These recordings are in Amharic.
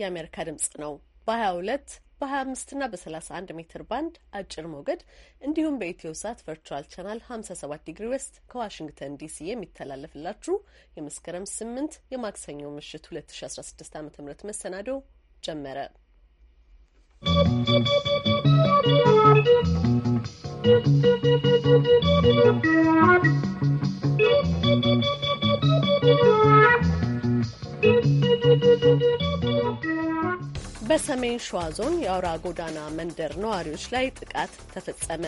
የአሜሪካ ድምጽ ነው። በ22 በ25 እና በ31 ሜትር ባንድ አጭር ሞገድ እንዲሁም በኢትዮ ሳት ቨርቹዋል ቻናል 57 ዲግሪ ዌስት ከዋሽንግተን ዲሲ የሚተላለፍላችሁ የመስከረም 8 የማክሰኞ ምሽት 2016 ዓ ም መሰናዶ ጀመረ። ¶¶ በሰሜን ሸዋ ዞን የአውራ ጎዳና መንደር ነዋሪዎች ላይ ጥቃት ተፈጸመ።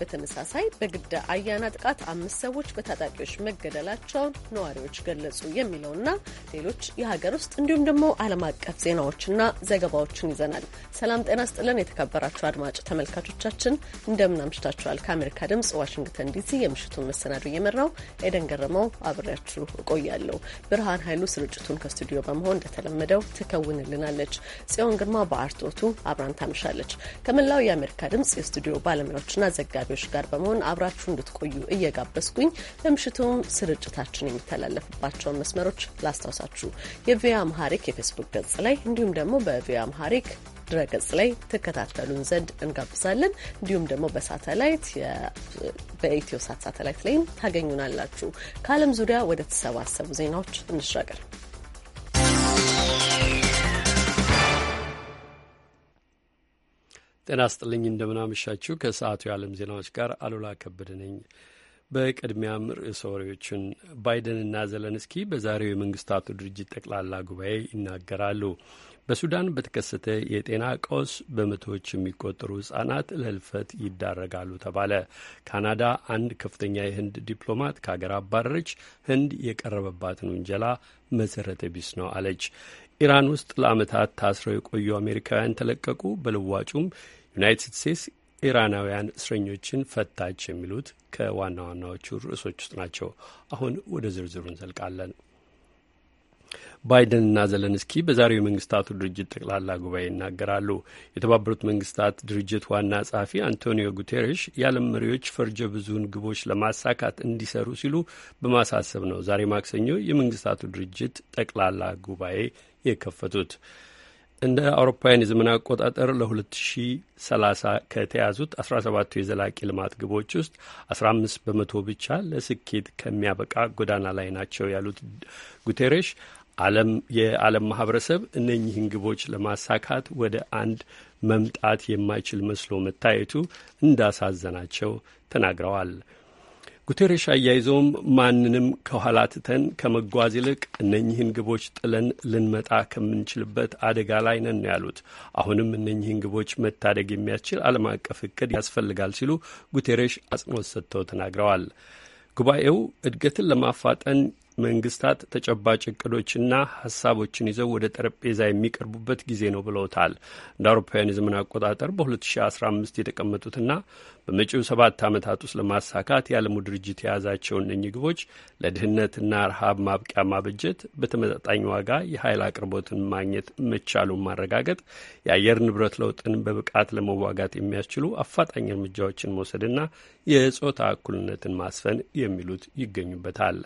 በተመሳሳይ በግዳ አያና ጥቃት አምስት ሰዎች በታጣቂዎች መገደላቸውን ነዋሪዎች ገለጹ የሚለውና ሌሎች የሀገር ውስጥ እንዲሁም ደግሞ ዓለም አቀፍ ዜናዎችና ዘገባዎችን ይዘናል። ሰላም ጤና ስጥለን የተከበራችሁ አድማጭ ተመልካቾቻችን እንደምን አምሽታችኋል? ከአሜሪካ ድምጽ ዋሽንግተን ዲሲ የምሽቱን መሰናዶ እየመራው ኤደን ገረመው አብሬያችሁ እቆያለሁ። ብርሃን ኃይሉ ስርጭቱን ከስቱዲዮ በመሆን እንደተለመደው ትከውንልናለች። ጽዮን ግርማ በአርቶቱ አብራን ታምሻለች። ከመላው የአሜሪካ ድምጽ የስቱዲዮ ባለሙያዎችና ዘጋ ዘጋቢዎች ጋር በመሆን አብራችሁ እንድትቆዩ እየጋበዝኩኝ በምሽቱም ስርጭታችን የሚተላለፍባቸውን መስመሮች ላስታውሳችሁ። የቪኦኤ አምሃሪክ የፌስቡክ ገጽ ላይ እንዲሁም ደግሞ በቪኦኤ አምሃሪክ ድረገጽ ላይ ትከታተሉን ዘንድ እንጋብዛለን። እንዲሁም ደግሞ በሳተላይት በኢትዮ ሳት ሳተላይት ላይም ታገኙናላችሁ። ከዓለም ዙሪያ ወደ ተሰባሰቡ ዜናዎች እንሻገር። ጤና ስጥልኝ እንደምናመሻችሁ። ከሰዓቱ የዓለም ዜናዎች ጋር አሉላ ከበደ ነኝ። በቅድሚያም ርዕሰ ወሬዎችን ባይደንና ዘለንስኪ በዛሬው የመንግስታቱ ድርጅት ጠቅላላ ጉባኤ ይናገራሉ። በሱዳን በተከሰተ የጤና ቀውስ በመቶዎች የሚቆጠሩ ህጻናት ለህልፈት ይዳረጋሉ ተባለ። ካናዳ አንድ ከፍተኛ የህንድ ዲፕሎማት ከሀገር አባረረች። ህንድ የቀረበባትን ውንጀላ መሰረተ ቢስ ነው አለች። ኢራን ውስጥ ለአመታት ታስረው የቆዩ አሜሪካውያን ተለቀቁ። በልዋጩም ዩናይትድ ስቴትስ ኢራናውያን እስረኞችን ፈታች የሚሉት ከዋና ዋናዎቹ ርዕሶች ውስጥ ናቸው። አሁን ወደ ዝርዝሩ እንዘልቃለን። ባይደንና ዘለንስኪ በዛሬው የመንግስታቱ ድርጅት ጠቅላላ ጉባኤ ይናገራሉ። የተባበሩት መንግስታት ድርጅት ዋና ጸሐፊ አንቶኒዮ ጉቴሬሽ የዓለም መሪዎች ፈርጀ ብዙውን ግቦች ለማሳካት እንዲሰሩ ሲሉ በማሳሰብ ነው ዛሬ ማክሰኞ የመንግስታቱ ድርጅት ጠቅላላ ጉባኤ የከፈቱት። እንደ አውሮፓውያን የዘመን አቆጣጠር ለ2030 ከተያዙት 17ቱ የዘላቂ ልማት ግቦች ውስጥ 15 በመቶ ብቻ ለስኬት ከሚያበቃ ጎዳና ላይ ናቸው ያሉት ጉቴሬሽ የዓለም ማህበረሰብ እነኚህን ግቦች ለማሳካት ወደ አንድ መምጣት የማይችል መስሎ መታየቱ እንዳሳዘናቸው ተናግረዋል። ጉቴሬሽ አያይዘውም ማንንም ከኋላ ትተን ከመጓዝ ይልቅ እነኚህን ግቦች ጥለን ልንመጣ ከምንችልበት አደጋ ላይ ነን ነው ያሉት። አሁንም እነኚህን ግቦች መታደግ የሚያስችል ዓለም አቀፍ እቅድ ያስፈልጋል ሲሉ ጉቴሬሽ አጽንኦት ሰጥተው ተናግረዋል። ጉባኤው እድገትን ለማፋጠን መንግስታት ተጨባጭ እቅዶችና ሀሳቦችን ይዘው ወደ ጠረጴዛ የሚቀርቡበት ጊዜ ነው ብለውታል። እንደ አውሮፓውያን የዘመን አቆጣጠር በ2015 የተቀመጡትና በመጪው ሰባት ዓመታት ውስጥ ለማሳካት የዓለሙ ድርጅት የያዛቸው እነኚህ ግቦች ለድህነትና ረሃብ ማብቂያ ማበጀት፣ በተመጣጣኝ ዋጋ የኃይል አቅርቦትን ማግኘት መቻሉን ማረጋገጥ፣ የአየር ንብረት ለውጥን በብቃት ለመዋጋት የሚያስችሉ አፋጣኝ እርምጃዎችን መውሰድና የጾታ እኩልነትን ማስፈን የሚሉት ይገኙበታል።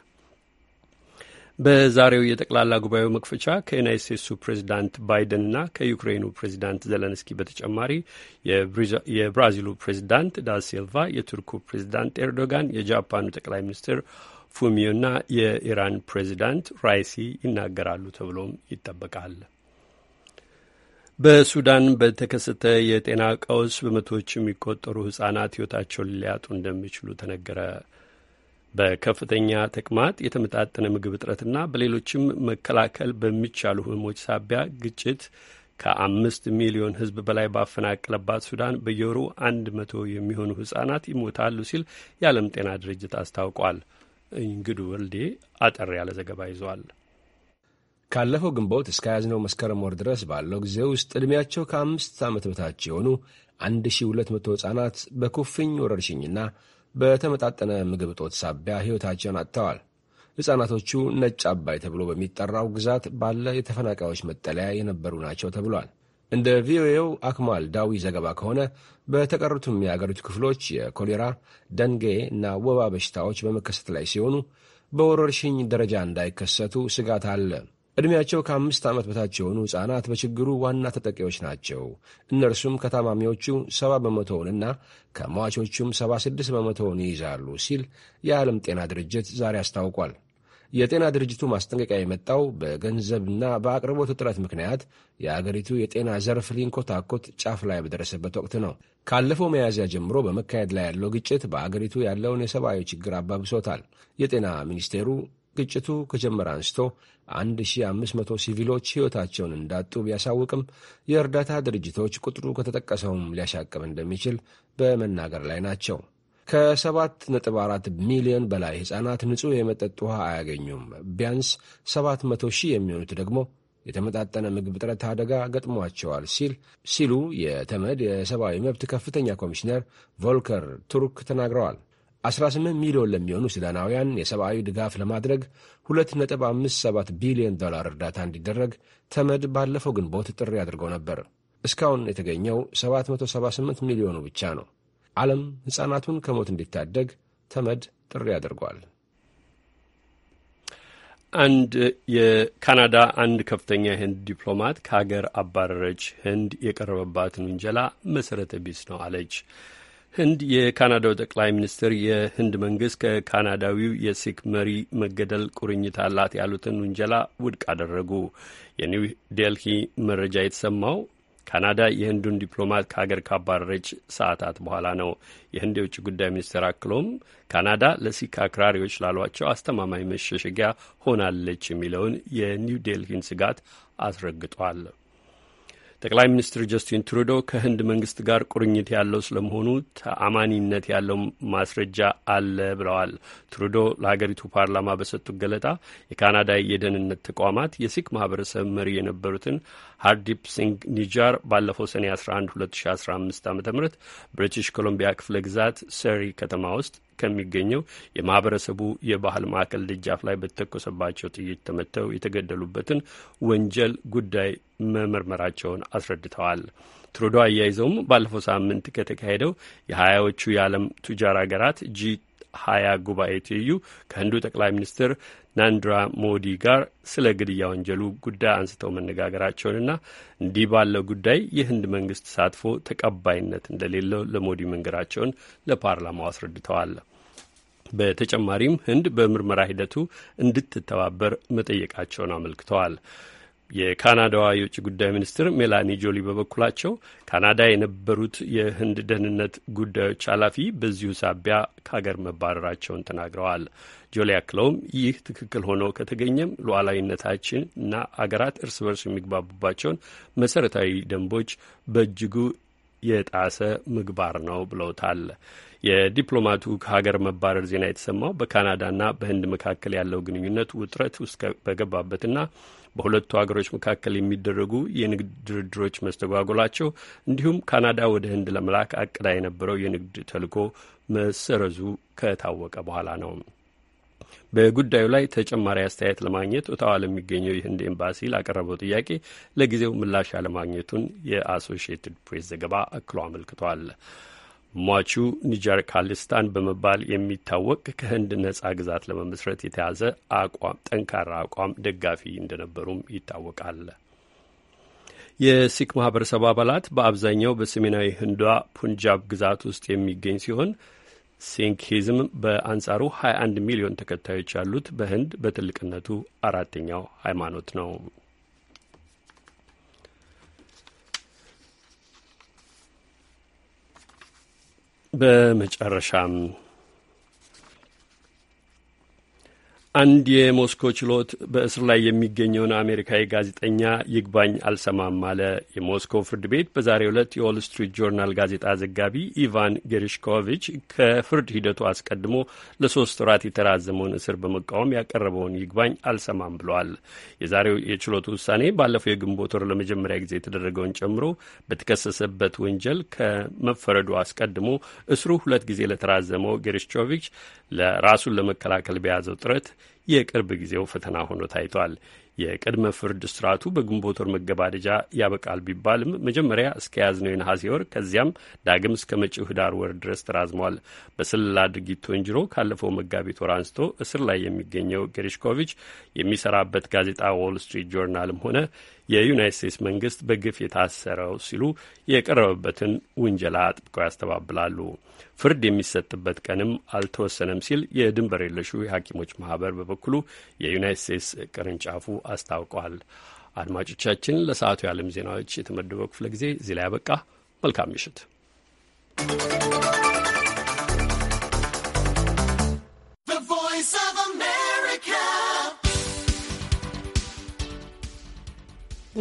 በዛሬው የጠቅላላ ጉባኤው መክፈቻ ከዩናይት ስቴትሱ ፕሬዚዳንት ባይደንና ከዩክሬኑ ፕሬዚዳንት ዘለንስኪ በተጨማሪ የብራዚሉ ፕሬዚዳንት ዳሲልቫ፣ የቱርኩ ፕሬዚዳንት ኤርዶጋን፣ የጃፓኑ ጠቅላይ ሚኒስትር ፉሚዮና የኢራን ፕሬዚዳንት ራይሲ ይናገራሉ ተብሎም ይጠበቃል። በሱዳን በተከሰተ የጤና ቀውስ በመቶዎች የሚቆጠሩ ህጻናት ህይወታቸውን ሊያጡ እንደሚችሉ ተነገረ። በከፍተኛ ተቅማጥ፣ የተመጣጠነ ምግብ እጥረትና በሌሎችም መከላከል በሚቻሉ ህመሞች ሳቢያ ግጭት ከአምስት ሚሊዮን ህዝብ በላይ ባፈናቀለባት ሱዳን በየወሩ አንድ መቶ የሚሆኑ ህጻናት ይሞታሉ ሲል የዓለም ጤና ድርጅት አስታውቋል። እንግዱ ወልዴ አጠር ያለ ዘገባ ይዟል። ካለፈው ግንቦት እስከ ያዝነው መስከረም ወር ድረስ ባለው ጊዜ ውስጥ ዕድሜያቸው ከአምስት ዓመት በታች የሆኑ 1200 ሕፃናት በኩፍኝ ወረርሽኝና በተመጣጠነ ምግብ እጦት ሳቢያ ሕይወታቸውን አጥተዋል። ሕፃናቶቹ ነጭ አባይ ተብሎ በሚጠራው ግዛት ባለ የተፈናቃዮች መጠለያ የነበሩ ናቸው ተብሏል። እንደ ቪኦኤው አክማል ዳዊ ዘገባ ከሆነ በተቀሩትም የአገሪቱ ክፍሎች የኮሌራ ደንጌ እና ወባ በሽታዎች በመከሰት ላይ ሲሆኑ በወረርሽኝ ደረጃ እንዳይከሰቱ ስጋት አለ። ዕድሜያቸው ከአምስት ዓመት በታች የሆኑ ሕፃናት በችግሩ ዋና ተጠቂዎች ናቸው። እነርሱም ከታማሚዎቹ ሰባ በመቶውንና ከሟቾቹም ሰባ ስድስት በመቶውን ይይዛሉ ሲል የዓለም ጤና ድርጅት ዛሬ አስታውቋል። የጤና ድርጅቱ ማስጠንቀቂያ የመጣው በገንዘብና በአቅርቦት እጥረት ምክንያት የአገሪቱ የጤና ዘርፍ ሊንኮታኮት ጫፍ ላይ በደረሰበት ወቅት ነው። ካለፈው መያዝያ ጀምሮ በመካሄድ ላይ ያለው ግጭት በአገሪቱ ያለውን የሰብአዊ ችግር አባብሶታል። የጤና ሚኒስቴሩ ግጭቱ ከጀመረ አንስቶ 1500 ሲቪሎች ሕይወታቸውን እንዳጡ ቢያሳውቅም የእርዳታ ድርጅቶች ቁጥሩ ከተጠቀሰውም ሊያሻቅብ እንደሚችል በመናገር ላይ ናቸው። ከ7.4 ሚሊዮን በላይ ሕፃናት ንጹሕ የመጠጥ ውሃ አያገኙም። ቢያንስ 700 ሺህ የሚሆኑት ደግሞ የተመጣጠነ ምግብ እጥረት አደጋ ገጥሟቸዋል ሲል ሲሉ የተመድ የሰብአዊ መብት ከፍተኛ ኮሚሽነር ቮልከር ቱርክ ተናግረዋል። 18 ሚሊዮን ለሚሆኑ ሱዳናውያን የሰብአዊ ድጋፍ ለማድረግ 2.57 ቢሊዮን ዶላር እርዳታ እንዲደረግ ተመድ ባለፈው ግንቦት ጥሪ አድርጎ ነበር። እስካሁን የተገኘው 778 ሚሊዮኑ ብቻ ነው። ዓለም ሕፃናቱን ከሞት እንዲታደግ ተመድ ጥሪ አድርጓል። አንድ የካናዳ አንድ ከፍተኛ የህንድ ዲፕሎማት ከሀገር አባረረች። ህንድ የቀረበባትን ውንጀላ መሠረተ ቢስ ነው አለች። ህንድ የካናዳው ጠቅላይ ሚኒስትር የህንድ መንግስት ከካናዳዊው የሲክ መሪ መገደል ቁርኝት አላት ያሉትን ውንጀላ ውድቅ አደረጉ። የኒው ዴልሂ መረጃ የተሰማው ካናዳ የህንዱን ዲፕሎማት ከሀገር ካባረረች ሰዓታት በኋላ ነው። የህንድ የውጭ ጉዳይ ሚኒስትር አክሎም ካናዳ ለሲክ አክራሪዎች ላሏቸው አስተማማኝ መሸሸጊያ ሆናለች የሚለውን የኒው ዴልሂን ስጋት አስረግጧል። ጠቅላይ ሚኒስትር ጀስቲን ትሩዶ ከህንድ መንግስት ጋር ቁርኝት ያለው ስለመሆኑ ተአማኒነት ያለው ማስረጃ አለ ብለዋል። ትሩዶ ለሀገሪቱ ፓርላማ በሰጡት ገለጣ የካናዳ የደህንነት ተቋማት የሲክ ማህበረሰብ መሪ የነበሩትን ሃርዲፕ ሲንግ ኒጃር ባለፈው ሰኔ 11 2015 ዓ ም ብሪቲሽ ኮሎምቢያ ክፍለ ግዛት ሰሪ ከተማ ውስጥ ከሚገኘው የማህበረሰቡ የባህል ማዕከል ደጃፍ ላይ በተተኮሰባቸው ጥይት ተመተው የተገደሉበትን ወንጀል ጉዳይ መመርመራቸውን አስረድተዋል። ትሩዶ አያይዘውም ባለፈው ሳምንት ከተካሄደው የሀያዎቹ የዓለም ቱጃር ሀገራት ጂ ሀያ ጉባኤ ትይዩ ከህንዱ ጠቅላይ ሚኒስትር ናንድራ ሞዲ ጋር ስለ ግድያ ወንጀሉ ጉዳይ አንስተው መነጋገራቸውንና እንዲህ ባለው ጉዳይ የህንድ መንግስት ተሳትፎ ተቀባይነት እንደሌለው ለሞዲ መንገራቸውን ለፓርላማው አስረድተዋል። በተጨማሪም ህንድ በምርመራ ሂደቱ እንድትተባበር መጠየቃቸውን አመልክተዋል። የካናዳዋ የውጭ ጉዳይ ሚኒስትር ሜላኒ ጆሊ በበኩላቸው ካናዳ የነበሩት የህንድ ደህንነት ጉዳዮች ኃላፊ በዚሁ ሳቢያ ከሀገር መባረራቸውን ተናግረዋል። ጆሊ አክለውም ይህ ትክክል ሆኖ ከተገኘም ሉዓላዊነታችን እና አገራት እርስ በርስ የሚግባቡባቸውን መሰረታዊ ደንቦች በእጅጉ የጣሰ ምግባር ነው ብለውታል። የዲፕሎማቱ ከሀገር መባረር ዜና የተሰማው በካናዳና በህንድ መካከል ያለው ግንኙነት ውጥረት ውስጥ በገባበትና በሁለቱ ሀገሮች መካከል የሚደረጉ የንግድ ድርድሮች መስተጓጎላቸው፣ እንዲሁም ካናዳ ወደ ህንድ ለመላክ አቅዳ የነበረው የንግድ ተልዕኮ መሰረዙ ከታወቀ በኋላ ነው። በጉዳዩ ላይ ተጨማሪ አስተያየት ለማግኘት ኦታዋ ለሚገኘው የህንድ ኤምባሲ ላቀረበው ጥያቄ ለጊዜው ምላሽ አለማግኘቱን የአሶሺየትድ ፕሬስ ዘገባ አክሎ አመልክቷል። ሟቹ ኒጀር ካሊስታን በመባል የሚታወቅ ከህንድ ነጻ ግዛት ለመመስረት የተያዘ አቋም ጠንካራ አቋም ደጋፊ እንደነበሩም ይታወቃል። የሲክ ማህበረሰብ አባላት በአብዛኛው በሰሜናዊ ህንዷ ፑንጃብ ግዛት ውስጥ የሚገኝ ሲሆን ሲንኪዝም በአንጻሩ 21 ሚሊዮን ተከታዮች ያሉት በህንድ በትልቅነቱ አራተኛው ሃይማኖት ነው። በመጨረሻም አንድ የሞስኮ ችሎት በእስር ላይ የሚገኘውን አሜሪካዊ ጋዜጠኛ ይግባኝ አልሰማም አለ። የሞስኮ ፍርድ ቤት በዛሬው ዕለት የዎል ስትሪት ጆርናል ጋዜጣ ዘጋቢ ኢቫን ጌሪሽኮቪች ከፍርድ ሂደቱ አስቀድሞ ለሶስት ወራት የተራዘመውን እስር በመቃወም ያቀረበውን ይግባኝ አልሰማም ብለዋል። የዛሬው የችሎቱ ውሳኔ ባለፈው የግንቦት ወር ለመጀመሪያ ጊዜ የተደረገውን ጨምሮ በተከሰሰበት ወንጀል ከመፈረዱ አስቀድሞ እስሩ ሁለት ጊዜ ለተራዘመው ጌሪሽኮቪች ለራሱን ለመከላከል በያዘው ጥረት የቅርብ ጊዜው ፈተና ሆኖ ታይቷል። የቅድመ ፍርድ ስርዓቱ በግንቦት ወር መገባደጃ ያበቃል ቢባልም መጀመሪያ እስከ ያዝነው የነሐሴ ወር ከዚያም ዳግም እስከ መጪው ህዳር ወር ድረስ ተራዝሟል። በስለላ ድርጊት ወንጅሮ ካለፈው መጋቢት ወር አንስቶ እስር ላይ የሚገኘው ገሪሽኮቪች የሚሰራበት ጋዜጣ ዎል ስትሪት ጆርናልም ሆነ የዩናይት ስቴትስ መንግስት በግፍ የታሰረው ሲሉ የቀረበበትን ውንጀላ አጥብቀው ያስተባብላሉ። ፍርድ የሚሰጥበት ቀንም አልተወሰነም ሲል የድንበር የለሹ የሐኪሞች ማህበር በበኩሉ የዩናይት ስቴትስ ቅርንጫፉ አስታውቋል። አድማጮቻችን፣ ለሰዓቱ የዓለም ዜናዎች የተመደበው ክፍለ ጊዜ እዚህ ላይ ያበቃ። መልካም ምሽት።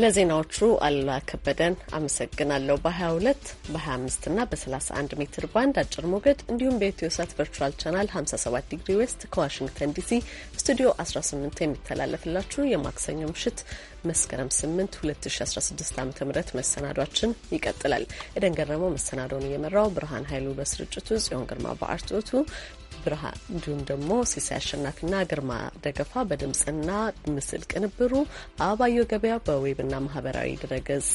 ለዜናዎቹ አሉላ ከበደን አመሰግናለሁ። በ22 በ25 እና በ31 ሜትር ባንድ አጭር ሞገድ እንዲሁም በኢትዮ ሳት ቨርቹዋል ቻናል 57 ዲግሪ ዌስት ከዋሽንግተን ዲሲ ስቱዲዮ 18 የሚተላለፍላችሁ የማክሰኞ ምሽት መስከረም 8 2016 ዓ ም መሰናዷችን ይቀጥላል። ኤደን ገረመው መሰናዶውን እየመራው፣ ብርሃን ኃይሉ በስርጭቱ፣ ጽዮን ግርማ በአርትዖቱ፣ ብርሃን እንዲሁም ደግሞ ሲሳይ አሸናፊና ግርማ ደገፋ በድምፅና ምስል ቅንብሩ አበባየሁ ገበያ በዌብና ማህበራዊ ድረገጽ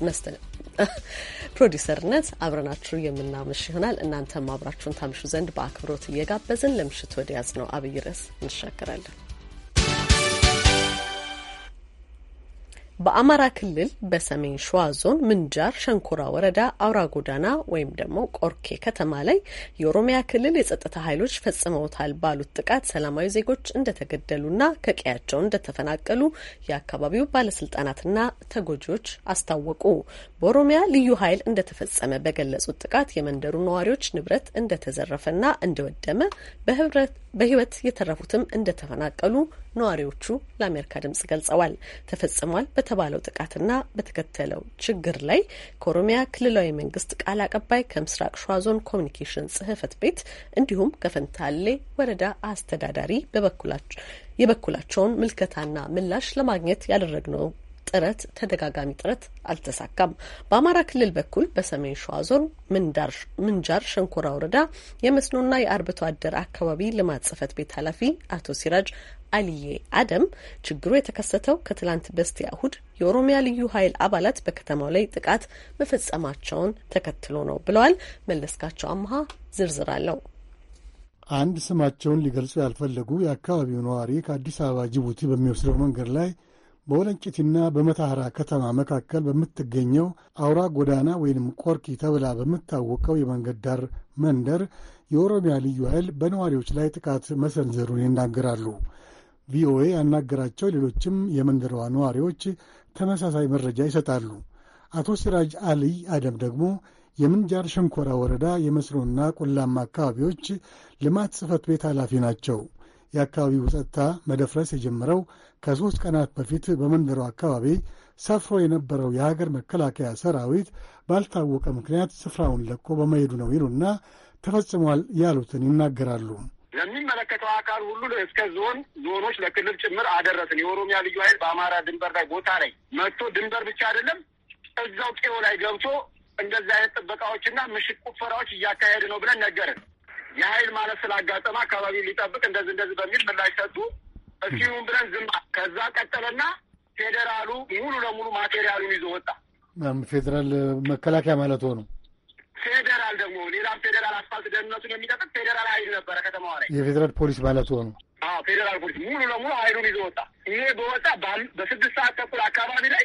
ፕሮዲሰርነት አብረናችሁ የምናምሽ ይሆናል። እናንተም አብራችሁን ታምሹ ዘንድ በአክብሮት እየጋበዝን ለምሽት ወደ ነው አብይ ርዕስ እንሻገራለን። በአማራ ክልል በሰሜን ሸዋ ዞን ምንጃር ሸንኮራ ወረዳ አውራ ጎዳና ወይም ደግሞ ቆርኬ ከተማ ላይ የኦሮሚያ ክልል የጸጥታ ኃይሎች ፈጽመውታል ባሉት ጥቃት ሰላማዊ ዜጎች እንደተገደሉና ከቀያቸው እንደተፈናቀሉ የአካባቢው ባለስልጣናትና ተጎጂዎች አስታወቁ። በኦሮሚያ ልዩ ኃይል እንደተፈጸመ በገለጹት ጥቃት የመንደሩ ነዋሪዎች ንብረት እንደተዘረፈና እንደወደመ በህብረት በህይወት የተረፉትም እንደተፈናቀሉ ነዋሪዎቹ ለአሜሪካ ድምጽ ገልጸዋል። ተፈጽሟል በተባለው ጥቃትና በተከተለው ችግር ላይ ከኦሮሚያ ክልላዊ መንግስት ቃል አቀባይ ከምስራቅ ሸዋ ዞን ኮሚኒኬሽን ጽህፈት ቤት እንዲሁም ከፈንታሌ ወረዳ አስተዳዳሪ የበኩላቸውን ምልከታና ምላሽ ለማግኘት ያደረግነው ጥረት ተደጋጋሚ ጥረት አልተሳካም። በአማራ ክልል በኩል በሰሜን ሸዋ ዞን ምንጃር ሸንኮራ ወረዳ የመስኖና የአርብቶ አደር አካባቢ ልማት ጽሕፈት ቤት ኃላፊ አቶ ሲራጅ አልዬ አደም ችግሩ የተከሰተው ከትላንት በስቲያ እሁድ የኦሮሚያ ልዩ ኃይል አባላት በከተማው ላይ ጥቃት መፈጸማቸውን ተከትሎ ነው ብለዋል። መለስካቸው አምሃ ዝርዝር አለው። አንድ ስማቸውን ሊገልጹ ያልፈለጉ የአካባቢው ነዋሪ ከአዲስ አበባ ጅቡቲ በሚወስደው መንገድ ላይ በወለንጭቲና በመታህራ ከተማ መካከል በምትገኘው አውራ ጎዳና ወይም ቆርኪ ተብላ በምታወቀው የመንገድ ዳር መንደር የኦሮሚያ ልዩ ኃይል በነዋሪዎች ላይ ጥቃት መሰንዘሩን ይናገራሉ። ቪኦኤ ያናገራቸው ሌሎችም የመንደሯ ነዋሪዎች ተመሳሳይ መረጃ ይሰጣሉ። አቶ ሲራጅ አልይ አደም ደግሞ የምንጃር ሸንኮራ ወረዳ የመስኖና ቆላማ አካባቢዎች ልማት ጽህፈት ቤት ኃላፊ ናቸው። የአካባቢው ጸጥታ መደፍረስ የጀመረው ከሦስት ቀናት በፊት በመንደሩ አካባቢ ሰፍሮ የነበረው የሀገር መከላከያ ሰራዊት ባልታወቀ ምክንያት ስፍራውን ለቆ በመሄዱ ነው ይሉና ተፈጽሟል ያሉትን ይናገራሉ። ለሚመለከተው አካል ሁሉ እስከ ዞን ዞኖች፣ ለክልል ጭምር አደረስን። የኦሮሚያ ልዩ ኃይል በአማራ ድንበር ላይ ቦታ ላይ መጥቶ ድንበር ብቻ አይደለም እዛው ቄው ላይ ገብቶ እንደዚህ አይነት ጥበቃዎችና ምሽት ቁፈራዎች እያካሄድ ነው ብለን ነገርን። የሀይል ማለት ስላጋጠመ አካባቢ ሊጠብቅ እንደዚህ እንደዚህ በሚል ምላሽ ሰጡ። እሲሁም ብለን ዝም። ከዛ ቀጠለና ፌዴራሉ ሙሉ ለሙሉ ማቴሪያሉን ይዞ ወጣ። ፌዴራል መከላከያ ማለት ሆኑ። ፌዴራል ደግሞ ሌላም ፌዴራል አስፋልት ደህንነቱን የሚጠብቅ ፌዴራል ሀይል ነበረ ከተማዋ ላይ የፌዴራል ፖሊስ ማለት ሆኑ። ፌዴራል ፖሊስ ሙሉ ለሙሉ ሀይሉን ይዞ ወጣ። ይሄ በወጣ በስድስት ሰዓት ተኩል አካባቢ ላይ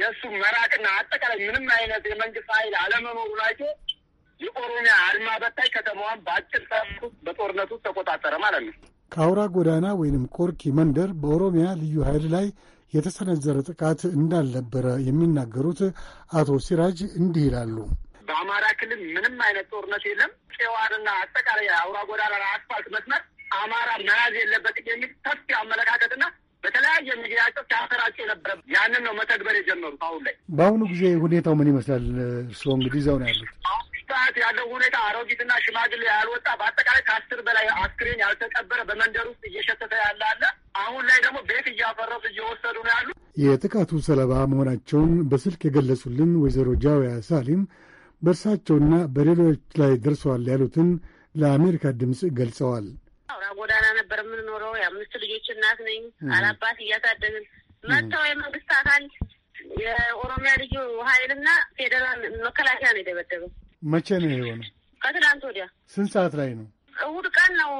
የእሱ መራቅና አጠቃላይ ምንም አይነት የመንግስት ሀይል አለመኖሩ ናቸው። የኦሮሚያ አድማ በታይ ከተማዋን በአጭር ሰዓት በጦርነቱ ተቆጣጠረ ማለት ነው። ከአውራ ጎዳና ወይንም ቆርኪ መንደር በኦሮሚያ ልዩ ኃይል ላይ የተሰነዘረ ጥቃት እንዳልነበረ የሚናገሩት አቶ ሲራጅ እንዲህ ይላሉ። በአማራ ክልል ምንም አይነት ጦርነት የለም። ጨዋንና አጠቃላይ አውራ ጎዳና አስፋልት መስመር አማራ መያዝ የለበትም የሚል ሰፊ አመለካከትና በተለያየ ሚዲያቸው ሲያሰራጭ የነበረ ያንን ነው መተግበር የጀመሩት። አሁን ላይ በአሁኑ ጊዜ ሁኔታው ምን ይመስላል? እርስዎ እንግዲህ እዚያው ነው ያሉት። ሰዓት ያለው ሁኔታ አሮጊትና ሽማግሌ ያልወጣ በአጠቃላይ ከአስር በላይ አስክሬን ያልተቀበረ በመንደር ውስጥ እየሸተተ ያለ አለ። አሁን ላይ ደግሞ ቤት እያፈረሱ እየወሰዱ ነው ያሉ። የጥቃቱ ሰለባ መሆናቸውን በስልክ የገለጹልን ወይዘሮ ጃውያ ሳሊም በእርሳቸውና በሌሎች ላይ ደርሰዋል ያሉትን ለአሜሪካ ድምፅ ገልጸዋል። አውራ ጎዳና ነበር የምንኖረው። የአምስት ልጆች እናት ነኝ። አላባት እያሳደግን መጥተው የመንግስት አካል የኦሮሚያ ልዩ ኃይልና ፌዴራል መከላከያ ነው የደበደበው። መቼ ነው የሆነው? ከትናንት ወዲያ ስንት ሰዓት ላይ ነው? እሁድ ቀን ነው።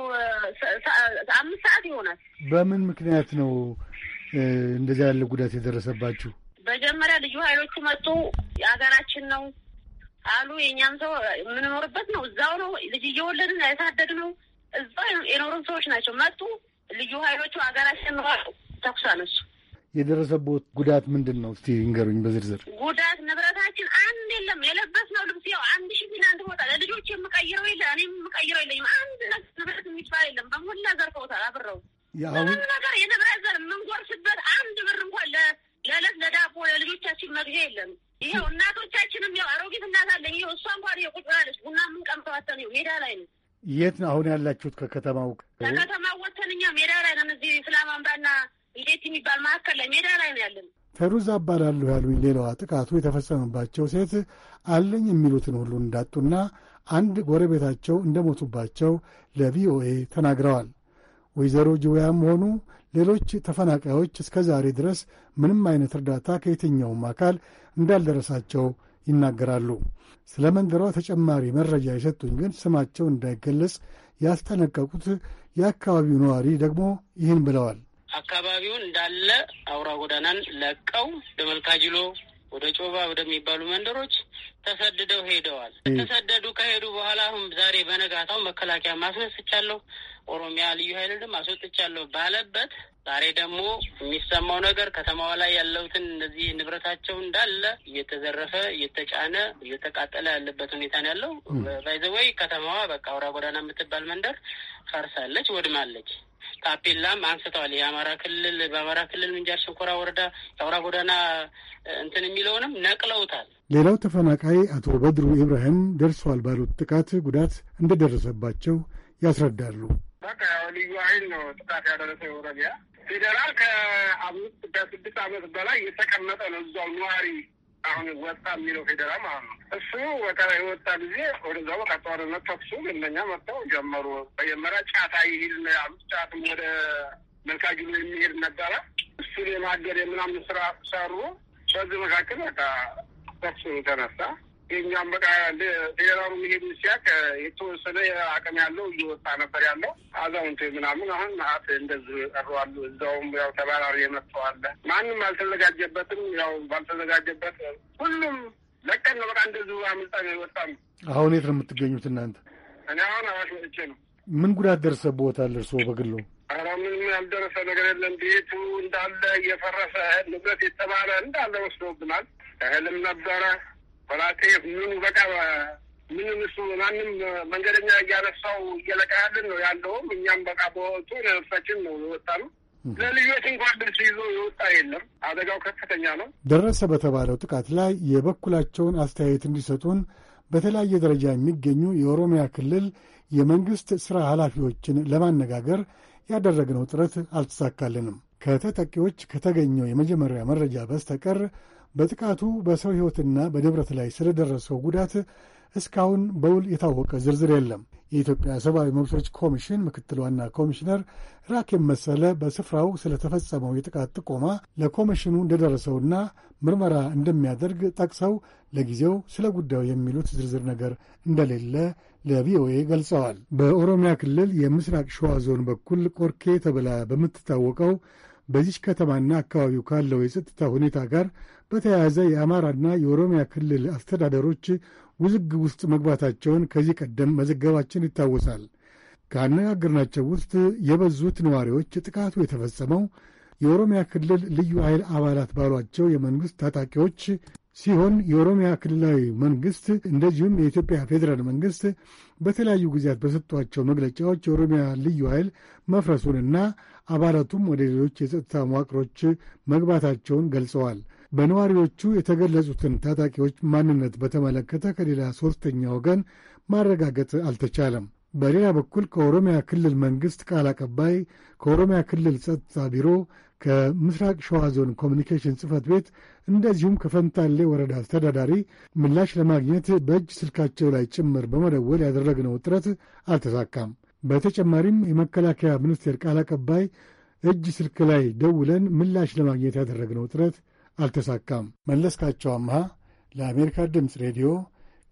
አምስት ሰዓት ይሆናል። በምን ምክንያት ነው እንደዚያ ያለ ጉዳት የደረሰባችሁ? መጀመሪያ ልዩ ኃይሎቹ መጡ። የሀገራችን ነው አሉ። የእኛም ሰው የምንኖርበት ነው። እዛው ነው ልጅ እየወለድን ያሳደግ ነው። እዛው የኖሩን ሰዎች ናቸው። መጡ ልዩ ኃይሎቹ ሀገራችን ነው ተኩስ አነሱ። የደረሰበት ጉዳት ምንድን ነው? እስቲ ንገሩኝ በዝርዝር። ጉዳት ንብረታችን አንድ የለም። የለበስነው ልብስ ያው አንድ ሺ ፊት አንድ ቦታ ለልጆች የምቀይረው የለ እኔ የምቀይረው የለኝም። አንድ ንብረት የሚባል የለም። በሞላ ዘርፈውታል። አብረው ምንም ነገር የንብረት ዘር የምንጎርስበት አንድ ብር እንኳን ለዕለት ለዳቦ ለልጆቻችን መግዣ የለም። ይኸው እናቶቻችንም ያው አሮጊት እናት አለኝ። ይኸው እሷ እንኳን የቁጭ ብላለች። ቡና የምንቀምጠዋተን ሜዳ ላይ ነው የት ነው አሁን ያላችሁት? ከከተማው ከከተማው ወተን እኛ ሜዳ ላይ ነን። እዚህ ስላማንባና እንዴት የሚባል መካከል ላይ ሜዳ ላይ ነው ያለን። ፈሩዝ አባላለሁ ያሉኝ ሌላዋ ጥቃቱ የተፈጸመባቸው ሴት አለኝ የሚሉትን ሁሉ እንዳጡና አንድ ጎረቤታቸው እንደሞቱባቸው ለቪኦኤ ተናግረዋል። ወይዘሮ ጅውያም ሆኑ ሌሎች ተፈናቃዮች እስከ ዛሬ ድረስ ምንም አይነት እርዳታ ከየትኛውም አካል እንዳልደረሳቸው ይናገራሉ። ስለ መንደሯ ተጨማሪ መረጃ የሰጡኝ ግን ስማቸው እንዳይገለጽ ያስጠነቀቁት የአካባቢው ነዋሪ ደግሞ ይህን ብለዋል። አካባቢውን እንዳለ አውራ ጎዳናን ለቀው ደመልካጅሎ ወደ ጮባ ወደሚባሉ መንደሮች ተሰድደው ሄደዋል። ተሰደዱ ከሄዱ በኋላ አሁን ዛሬ በነጋታው መከላከያ ማስነስቻለሁ፣ ኦሮሚያ ልዩ ኃይልንም አስወጥቻለሁ ባለበት ዛሬ ደግሞ የሚሰማው ነገር ከተማዋ ላይ ያለውትን እነዚህ ንብረታቸው እንዳለ እየተዘረፈ እየተጫነ እየተቃጠለ ያለበት ሁኔታ ነው ያለው። ባይዘወይ ከተማዋ በቃ አውራ ጎዳና የምትባል መንደር ፈርሳለች፣ ወድማለች። ታፔላም አንስተዋል። የአማራ ክልል በአማራ ክልል ምንጃር ሽንኮራ ወረዳ የአውራ ጎዳና እንትን የሚለውንም ነቅለውታል። ሌላው ተፈናቃይ አቶ በድሩ ኢብራሂም ደርሷል ባሉት ጥቃት ጉዳት እንደደረሰባቸው ያስረዳሉ። በቃ ያው ልዩ ኃይል ነው ጥቃት ያደረሰ የወረቢያ ፌዴራል ከአምስት ከስድስት ዓመት በላይ የተቀመጠ ነው እዛው ነዋሪ አሁን ወጣ የሚለው ፌዴራል ማለት ነው። እሱ ወጣ የወጣ ጊዜ ወደዛ ቦታ ጦርነት ተኩሱ እንደኛ መጥተው ጀመሩ። መጀመሪያ ጫታ ይሂድ ያሉት ጫትም ወደ መልካ የሚሄድ ነበረ። እሱ የማገድ የምናምን ስራ ሰሩ። በዚህ መካከል በቃ ተኩሱ ተነሳ። የእኛም በቃ ሌላው መሄድ ሲያቅ የተወሰነ አቅም ያለው እየወጣ ነበር ያለው አዛውንት ምናምን አሁን ማአት እንደዚህ ቀረዋሉ። እዛውም ያው ተባራሪ የመጥተዋለ ማንም አልተዘጋጀበትም። ያው ባልተዘጋጀበት ሁሉም ለቀን ነው በቃ እንደዚሁ አምልጠን የወጣም። አሁን የት ነው የምትገኙት እናንተ? እኔ አሁን አዋሽ መጥቼ ነው። ምን ጉዳት ደርሰብዎታል እርስዎ በግሎ? ኧረ ምንም ያልደረሰ ነገር የለም። ቤቱ እንዳለ እየፈረሰ ንብረት የተባለ እንዳለ ወስዶብናል እህልም ነበረ ወላቴ ምኑ በቃ ምንም እሱ ማንም መንገደኛ እያነሳው እየለቀያልን ነው ያለውም። እኛም በቃ በወቅቱ ነፍሳችን ነው የወጣ ነው። ለልጆች እንኳን ልብስ ይዞ የወጣ የለም። አደጋው ከፍተኛ ነው። ደረሰ በተባለው ጥቃት ላይ የበኩላቸውን አስተያየት እንዲሰጡን በተለያየ ደረጃ የሚገኙ የኦሮሚያ ክልል የመንግሥት ሥራ ኃላፊዎችን ለማነጋገር ያደረግነው ጥረት አልተሳካልንም። ከተጠቂዎች ከተገኘው የመጀመሪያ መረጃ በስተቀር በጥቃቱ በሰው ሕይወትና በንብረት ላይ ስለደረሰው ጉዳት እስካሁን በውል የታወቀ ዝርዝር የለም። የኢትዮጵያ ሰብአዊ መብቶች ኮሚሽን ምክትል ዋና ኮሚሽነር ራኬብ መሰለ በስፍራው ስለተፈጸመው የጥቃት ጥቆማ ለኮሚሽኑ እንደደረሰውና ምርመራ እንደሚያደርግ ጠቅሰው ለጊዜው ስለ ጉዳዩ የሚሉት ዝርዝር ነገር እንደሌለ ለቪኦኤ ገልጸዋል። በኦሮሚያ ክልል የምስራቅ ሸዋ ዞን በኩል ቆርኬ ተብላ በምትታወቀው በዚች ከተማና አካባቢው ካለው የጸጥታ ሁኔታ ጋር በተያያዘ የአማራና የኦሮሚያ ክልል አስተዳደሮች ውዝግብ ውስጥ መግባታቸውን ከዚህ ቀደም መዘገባችን ይታወሳል። ካነጋገርናቸው ውስጥ የበዙት ነዋሪዎች ጥቃቱ የተፈጸመው የኦሮሚያ ክልል ልዩ ኃይል አባላት ባሏቸው የመንግሥት ታጣቂዎች ሲሆን የኦሮሚያ ክልላዊ መንግሥት እንደዚሁም የኢትዮጵያ ፌዴራል መንግሥት በተለያዩ ጊዜያት በሰጧቸው መግለጫዎች የኦሮሚያ ልዩ ኃይል መፍረሱንና አባላቱም ወደ ሌሎች የጸጥታ መዋቅሮች መግባታቸውን ገልጸዋል። በነዋሪዎቹ የተገለጹትን ታጣቂዎች ማንነት በተመለከተ ከሌላ ሦስተኛ ወገን ማረጋገጥ አልተቻለም። በሌላ በኩል ከኦሮሚያ ክልል መንግሥት ቃል አቀባይ፣ ከኦሮሚያ ክልል ጸጥታ ቢሮ፣ ከምስራቅ ሸዋ ዞን ኮሚኒኬሽን ጽፈት ቤት እንደዚሁም ከፈንታሌ ወረዳ አስተዳዳሪ ምላሽ ለማግኘት በእጅ ስልካቸው ላይ ጭምር በመደወል ያደረግነው ጥረት አልተሳካም። በተጨማሪም የመከላከያ ሚኒስቴር ቃል አቀባይ እጅ ስልክ ላይ ደውለን ምላሽ ለማግኘት ያደረግነው ጥረት አልተሳካም። መለስካቸው አምሃ ለአሜሪካ ድምፅ ሬዲዮ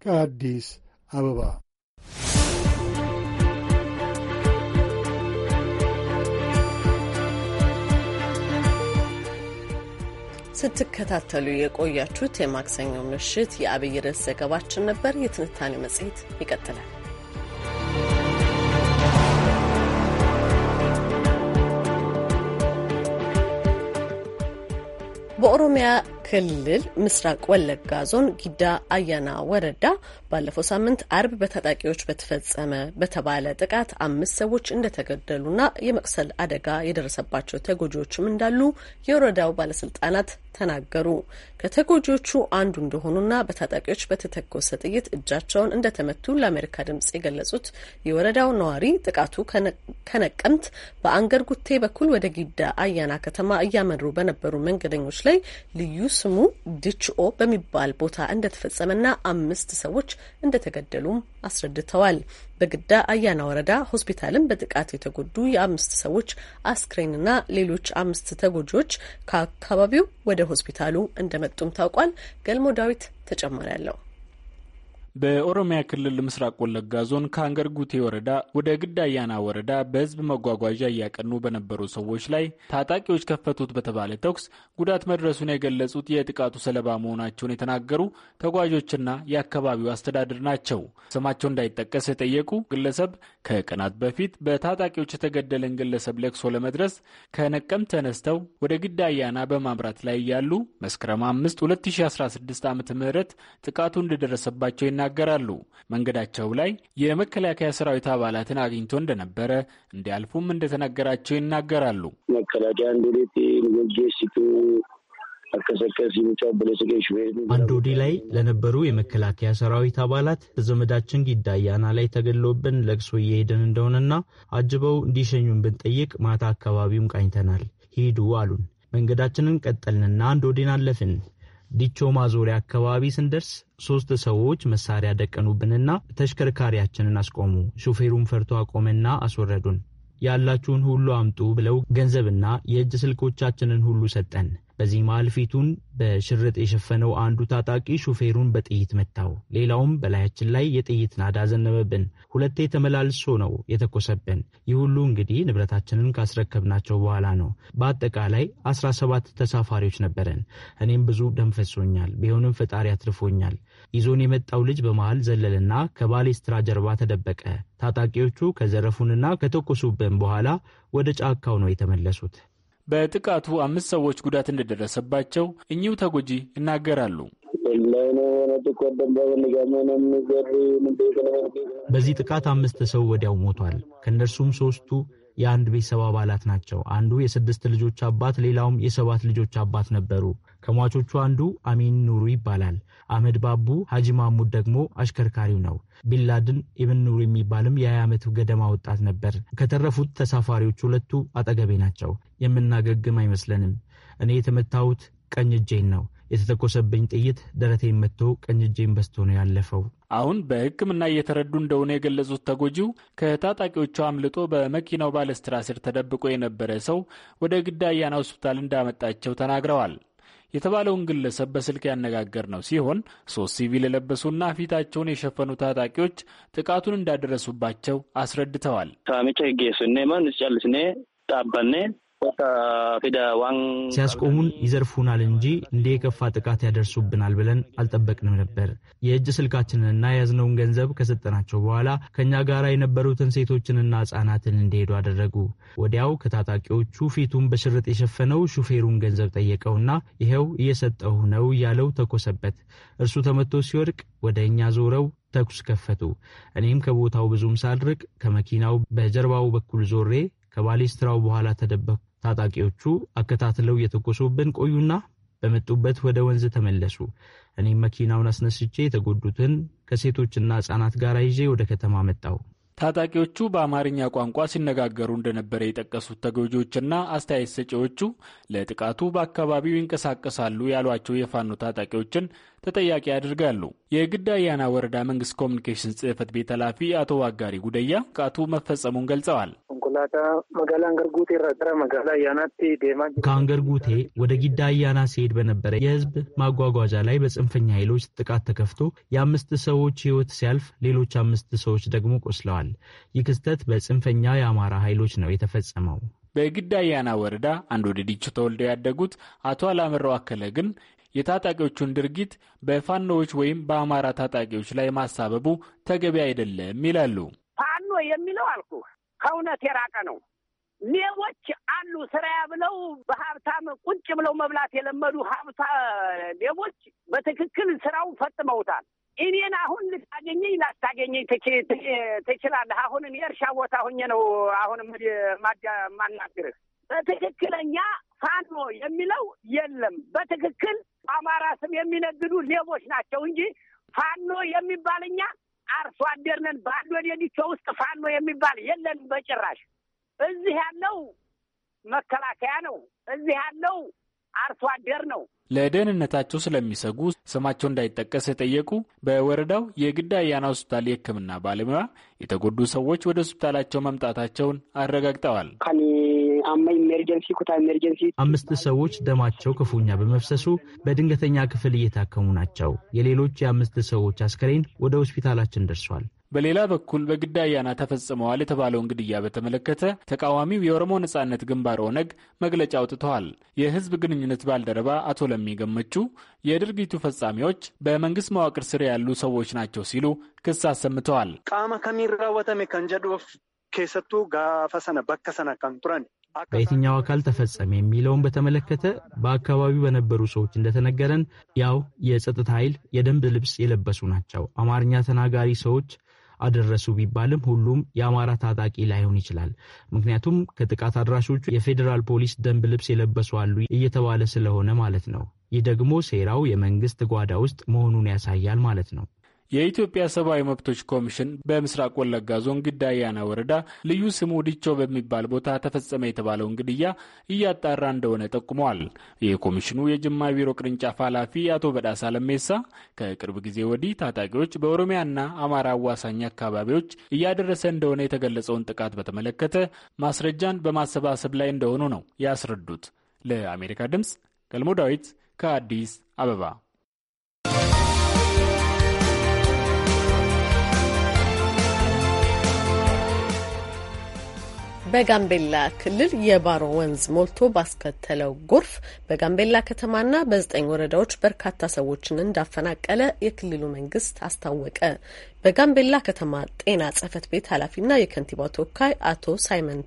ከአዲስ አበባ። ስትከታተሉ የቆያችሁት የማክሰኞ ምሽት የአብይ ርዕስ ዘገባችን ነበር። የትንታኔው መጽሔት ይቀጥላል። በኦሮሚያ ክልል ምስራቅ ወለጋ ዞን ጊዳ አያና ወረዳ ባለፈው ሳምንት አርብ በታጣቂዎች በተፈጸመ በተባለ ጥቃት አምስት ሰዎች እንደተገደሉና የመቅሰል አደጋ የደረሰባቸው ተጎጂዎችም እንዳሉ የወረዳው ባለስልጣናት ተናገሩ። ከተጎጂዎቹ አንዱ እንደሆኑና በታጣቂዎች በተተኮሰ ጥይት እጃቸውን እንደተመቱ ለአሜሪካ ድምጽ የገለጹት የወረዳው ነዋሪ ጥቃቱ ከነቀምት በአንገር ጉቴ በኩል ወደ ጊዳ አያና ከተማ እያመሩ በነበሩ መንገደኞች ላይ ልዩ ስሙ ድችኦ በሚባል ቦታ እንደተፈጸመና አምስት ሰዎች እንደተገደሉም አስረድተዋል። በግዳ አያና ወረዳ ሆስፒታልም በጥቃት የተጎዱ የአምስት ሰዎች አስክሬንና ሌሎች አምስት ተጎጂዎች ከአካባቢው ወደ ሆስፒታሉ እንደመጡም ታውቋል። ገልሞ ዳዊት ተጨማሪ አለው። በኦሮሚያ ክልል ምስራቅ ወለጋ ዞን ከአንገር ጉቴ ወረዳ ወደ ግዳያና ወረዳ በህዝብ መጓጓዣ እያቀኑ በነበሩ ሰዎች ላይ ታጣቂዎች ከፈቱት በተባለ ተኩስ ጉዳት መድረሱን የገለጹት የጥቃቱ ሰለባ መሆናቸውን የተናገሩ ተጓዦችና የአካባቢው አስተዳደር ናቸው። ስማቸው እንዳይጠቀስ የጠየቁ ግለሰብ ከቀናት በፊት በታጣቂዎች የተገደለን ግለሰብ ለቅሶ ለመድረስ ከነቀም ተነስተው ወደ ግዳያና በማምራት ላይ ያሉ መስከረም 5 2016 ዓ ም ጥቃቱ እንደደረሰባቸው ይና ይናገራሉ። መንገዳቸው ላይ የመከላከያ ሰራዊት አባላትን አግኝቶ እንደነበረ እንዲያልፉም እንደተነገራቸው ይናገራሉ። አንዶዲ ላይ ለነበሩ የመከላከያ ሰራዊት አባላት ዘመዳችን ጊዳያና ላይ ተገሎብን ለቅሶ እየሄደን እንደሆነና አጅበው እንዲሸኙን ብንጠይቅ ማታ አካባቢውም ቃኝተናል። ሂዱ አሉን። መንገዳችንን ቀጠልንና አንዶዲን አለፍን። ዲቾ ማዞሪያ አካባቢ ስንደርስ ሶስት ሰዎች መሳሪያ ደቀኑብንና ተሽከርካሪያችንን አስቆሙ። ሹፌሩን ፈርቶ አቆመና አስወረዱን። ያላችሁን ሁሉ አምጡ ብለው ገንዘብና የእጅ ስልኮቻችንን ሁሉ ሰጠን። በዚህ መሃል ፊቱን በሽርጥ የሸፈነው አንዱ ታጣቂ ሹፌሩን በጥይት መታው። ሌላውም በላያችን ላይ የጥይት ናዳ ዘነበብን። ሁለቴ ተመላልሶ ነው የተኮሰብን። ይህ ሁሉ እንግዲህ ንብረታችንን ካስረከብናቸው በኋላ ነው። በአጠቃላይ 17 ተሳፋሪዎች ነበረን። እኔም ብዙ ደም ፈሶኛል። ቢሆንም ፈጣሪ አትርፎኛል። ይዞን የመጣው ልጅ በመሃል ዘለልና ከባሌስትራ ጀርባ ተደበቀ። ታጣቂዎቹ ከዘረፉንና ከተኮሱብን በኋላ ወደ ጫካው ነው የተመለሱት። በጥቃቱ አምስት ሰዎች ጉዳት እንደደረሰባቸው እኚሁ ተጎጂ ይናገራሉ። በዚህ ጥቃት አምስት ሰው ወዲያው ሞቷል። ከእነርሱም ሶስቱ የአንድ ቤተሰብ አባላት ናቸው። አንዱ የስድስት ልጆች አባት፣ ሌላውም የሰባት ልጆች አባት ነበሩ። ከሟቾቹ አንዱ አሚን ኑሩ ይባላል። አህመድ ባቡ ሀጂ ማሙድ ደግሞ አሽከርካሪው ነው። ቢንላድን ኢብን ኑሩ የሚባልም የ20 ዓመት ገደማ ወጣት ነበር። ከተረፉት ተሳፋሪዎች ሁለቱ አጠገቤ ናቸው። የምናገግም አይመስለንም። እኔ የተመታሁት ቀኝ እጄን ነው። የተተኮሰብኝ ጥይት ደረቴን መጥቶ ቀኝ እጄን በስቶ ነው ያለፈው። አሁን በሕክምና እየተረዱ እንደሆነ የገለጹት ተጎጂው ከታጣቂዎቹ አምልጦ በመኪናው ባለስትራ ስር ተደብቆ የነበረ ሰው ወደ ግዳያና ሆስፒታል እንዳመጣቸው ተናግረዋል። የተባለውን ግለሰብ በስልክ ያነጋገር ነው ሲሆን ሶስት ሲቪል የለበሱና ፊታቸውን የሸፈኑ ታጣቂዎች ጥቃቱን እንዳደረሱባቸው አስረድተዋል። ሳሚቸ ጌሱኔ መን ጨልስኔ ጣባኔ ሲያስቆሙን ይዘርፉናል እንጂ እንደ የከፋ ጥቃት ያደርሱብናል ብለን አልጠበቅንም ነበር። የእጅ ስልካችንንና የያዝነውን ገንዘብ ከሰጠናቸው በኋላ ከእኛ ጋር የነበሩትን ሴቶችንና ሕፃናትን እንዲሄዱ አደረጉ። ወዲያው ከታጣቂዎቹ ፊቱን በሽርጥ የሸፈነው ሹፌሩን ገንዘብ ጠየቀውና ይኸው እየሰጠሁ ነው እያለው ተኮሰበት። እርሱ ተመቶ ሲወድቅ ወደ እኛ ዞረው ተኩስ ከፈቱ። እኔም ከቦታው ብዙም ሳልርቅ ከመኪናው በጀርባው በኩል ዞሬ ከባሌስትራው በኋላ ተደበኩ። ታጣቂዎቹ አከታትለው የተኮሱብን ቆዩና በመጡበት ወደ ወንዝ ተመለሱ። እኔም መኪናውን አስነስቼ የተጎዱትን ከሴቶችና ህጻናት ጋር ይዤ ወደ ከተማ መጣው። ታጣቂዎቹ በአማርኛ ቋንቋ ሲነጋገሩ እንደነበረ የጠቀሱት ተጎጂዎችና አስተያየት ሰጪዎቹ ለጥቃቱ በአካባቢው ይንቀሳቀሳሉ ያሏቸው የፋኖ ታጣቂዎችን ተጠያቂ ያደርጋሉ። የግዳ አያና ወረዳ መንግስት ኮሚኒኬሽን ጽህፈት ቤት ኃላፊ አቶ ዋጋሪ ጉደያ ጥቃቱ መፈጸሙን ገልጸዋል። ከአንገር ጉቴ ወደ ጊዳ አያና ሲሄድ በነበረ የህዝብ ማጓጓዣ ላይ በጽንፈኛ ኃይሎች ጥቃት ተከፍቶ የአምስት ሰዎች ህይወት ሲያልፍ ሌሎች አምስት ሰዎች ደግሞ ቆስለዋል። ይህ ክስተት በጽንፈኛ የአማራ ኃይሎች ነው የተፈጸመው። በግዳ አያና ወረዳ አንድ ወደ ዲቹ ተወልደው ያደጉት አቶ አላምረው አከለ ግን የታጣቂዎቹን ድርጊት በፋኖዎች ወይም በአማራ ታጣቂዎች ላይ ማሳበቡ ተገቢ አይደለም ይላሉ። ፋኖ የሚለው አልኩ ከእውነት የራቀ ነው። ሌቦች አሉ ስራያ ብለው በሀብታም ቁጭ ብለው መብላት የለመዱ ሀብታ ሌቦች በትክክል ስራው ፈጥመውታል። እኔን አሁን ልታገኘኝ ላታገኘኝ ትችላለህ። አሁን የእርሻ ቦታ ሁኜ ነው አሁን ማናግርህ በትክክለኛ ፋኖ የሚለው የለም። በትክክል በአማራ ስም የሚነግዱ ሌቦች ናቸው እንጂ ፋኖ የሚባል እኛ አርሶ አደር ነን። በአንድ ወዴዲቾ ውስጥ ፋኖ የሚባል የለንም በጭራሽ። እዚህ ያለው መከላከያ ነው። እዚህ ያለው አርሶ አደር ነው። ለደህንነታቸው ስለሚሰጉ ስማቸው እንዳይጠቀስ የጠየቁ በወረዳው የግዳ አያና ሆስፒታል የሕክምና ባለሙያ የተጎዱ ሰዎች ወደ ሆስፒታላቸው መምጣታቸውን አረጋግጠዋል። አምስት ሰዎች ደማቸው ክፉኛ በመፍሰሱ በድንገተኛ ክፍል እየታከሙ ናቸው። የሌሎች የአምስት ሰዎች አስከሬን ወደ ሆስፒታላችን ደርሷል። በሌላ በኩል በግዳያና ተፈጽመዋል የተባለውን ግድያ በተመለከተ ተቃዋሚው የኦሮሞ ነጻነት ግንባር ኦነግ መግለጫ አውጥተዋል። የህዝብ ግንኙነት ባልደረባ አቶ ለሚ ገመቹ የድርጊቱ ፈጻሚዎች በመንግስት መዋቅር ስር ያሉ ሰዎች ናቸው ሲሉ ክስ አሰምተዋል። ቃማ ከሚራወተሜ ከንጀዱ ኬሰቱ ጋፈሰነ በከሰነ ከንቱረን በየትኛው አካል ተፈጸመ የሚለውን በተመለከተ በአካባቢው በነበሩ ሰዎች እንደተነገረን ያው የጸጥታ ኃይል የደንብ ልብስ የለበሱ ናቸው። አማርኛ ተናጋሪ ሰዎች አደረሱ ቢባልም ሁሉም የአማራ ታጣቂ ላይሆን ይችላል። ምክንያቱም ከጥቃት አድራሾቹ የፌዴራል ፖሊስ ደንብ ልብስ የለበሱ አሉ እየተባለ ስለሆነ ማለት ነው። ይህ ደግሞ ሴራው የመንግስት ጓዳ ውስጥ መሆኑን ያሳያል ማለት ነው። የኢትዮጵያ ሰብአዊ መብቶች ኮሚሽን በምስራቅ ወለጋ ዞን ግዳያና ወረዳ ልዩ ስሙ ዲቾ በሚባል ቦታ ተፈጸመ የተባለውን ግድያ እያጣራ እንደሆነ ጠቁመዋል። የኮሚሽኑ የጅማ ቢሮ ቅርንጫፍ ኃላፊ አቶ በዳሳ ለሜሳ ከቅርብ ጊዜ ወዲህ ታጣቂዎች በኦሮሚያና አማራ አዋሳኝ አካባቢዎች እያደረሰ እንደሆነ የተገለጸውን ጥቃት በተመለከተ ማስረጃን በማሰባሰብ ላይ እንደሆኑ ነው ያስረዱት። ለአሜሪካ ድምጽ ገልሞ ዳዊት ከአዲስ አበባ በጋምቤላ ክልል የባሮ ወንዝ ሞልቶ ባስከተለው ጎርፍ በጋምቤላ ከተማና በዘጠኝ ወረዳዎች በርካታ ሰዎችን እንዳፈናቀለ የክልሉ መንግስት አስታወቀ። በጋምቤላ ከተማ ጤና ጽህፈት ቤት ኃላፊና የከንቲባው ተወካይ አቶ ሳይመን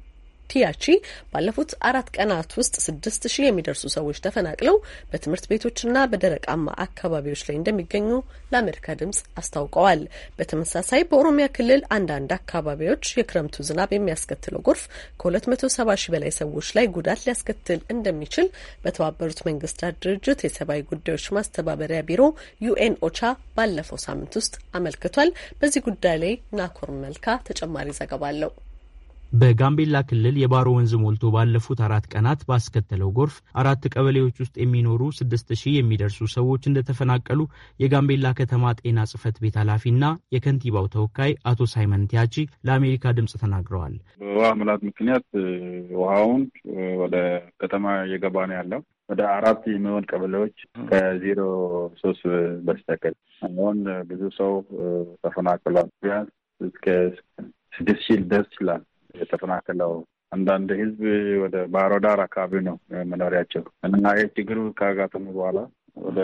ቲያቺ ባለፉት አራት ቀናት ውስጥ ስድስት ሺህ የሚደርሱ ሰዎች ተፈናቅለው በትምህርት ቤቶችና በደረቃማ አካባቢዎች ላይ እንደሚገኙ ለአሜሪካ ድምጽ አስታውቀዋል። በተመሳሳይ በኦሮሚያ ክልል አንዳንድ አካባቢዎች የክረምቱ ዝናብ የሚያስከትለው ጎርፍ ከ270 ሺህ በላይ ሰዎች ላይ ጉዳት ሊያስከትል እንደሚችል በተባበሩት መንግስታት ድርጅት የሰብአዊ ጉዳዮች ማስተባበሪያ ቢሮ ዩኤን ኦቻ ባለፈው ሳምንት ውስጥ አመልክቷል። በዚህ ጉዳይ ላይ ናኮር መልካ ተጨማሪ ዘገባ አለው። በጋምቤላ ክልል የባሮ ወንዝ ሞልቶ ባለፉት አራት ቀናት ባስከተለው ጎርፍ አራት ቀበሌዎች ውስጥ የሚኖሩ ስድስት ሺህ የሚደርሱ ሰዎች እንደተፈናቀሉ የጋምቤላ ከተማ ጤና ጽህፈት ቤት ኃላፊና የከንቲባው ተወካይ አቶ ሳይመን ቲያቺ ለአሜሪካ ድምፅ ተናግረዋል። በውሃ ሙላት ምክንያት ውሃውን ወደ ከተማ እየገባ ነው ያለው ወደ አራት የሚሆን ቀበሌዎች ከዜሮ ሶስት በስተቀር አሁን ብዙ ሰው ተፈናቅሏል። ቢያንስ እስከ ስድስት ሺህ ደርስ ይችላል። የተፈናቀለው አንዳንድ ህዝብ ወደ ባህሮ ዳር አካባቢ ነው መኖሪያቸው እና ይህ ችግሩ ካጋጠሙ በኋላ ወደ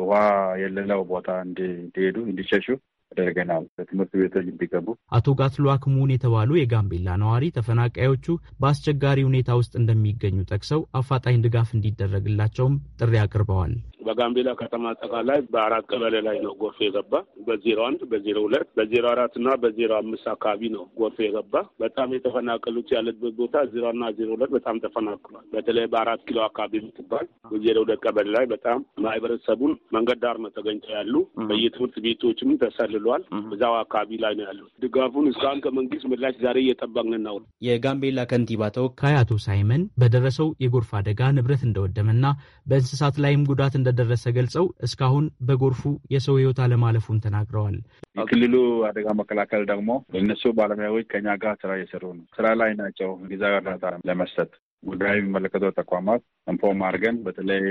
ውሃ የሌለው ቦታ እንዲሄዱ እንዲሸሹ ተደርገናል። ቤቶ ቤቶች እንዲገቡ። አቶ ጋትሎ አክሙን የተባሉ የጋምቤላ ነዋሪ ተፈናቃዮቹ በአስቸጋሪ ሁኔታ ውስጥ እንደሚገኙ ጠቅሰው አፋጣኝ ድጋፍ እንዲደረግላቸውም ጥሪ አቅርበዋል። በጋምቤላ ከተማ አጠቃላይ በአራት ቀበሌ ላይ ነው ጎርፍ የገባ። በዜሮ አንድ በዜሮ ሁለት በዜሮ አራት እና በዜሮ አምስት አካባቢ ነው ጎርፍ የገባ። በጣም የተፈናቀሉት ያለበት ቦታ ዜሮና ዜሮ ሁለት በጣም ተፈናቅሏል። በተለይ በአራት ኪሎ አካባቢ የምትባል በዜሮ ሁለት ቀበሌ ላይ በጣም ማህበረሰቡን መንገድ ዳር ነው ተገኝተው ያሉ። በየትምህርት ቤቶችም ተሰልሏል። እዛው አካባቢ ላይ ነው ያሉት። ድጋፉን እስካሁን ከመንግስት ምላሽ ዛሬ እየጠበቅን ነው። የጋምቤላ ከንቲባ ተወካይ አቶ ሳይመን በደረሰው የጎርፍ አደጋ ንብረት እንደወደመና በእንስሳት ላይም ጉዳት እንደ እንደደረሰ ገልጸው እስካሁን በጎርፉ የሰው ህይወት አለማለፉን ተናግረዋል። የክልሉ አደጋ መከላከል ደግሞ እነሱ ባለሙያዎች ከኛ ጋር ስራ እየሰሩ ነው። ስራ ላይ ናቸው። ጊዛ እርዳታ ለመስጠት ጉዳዩ የሚመለከተው ተቋማት እንፎም አድርገን በተለይ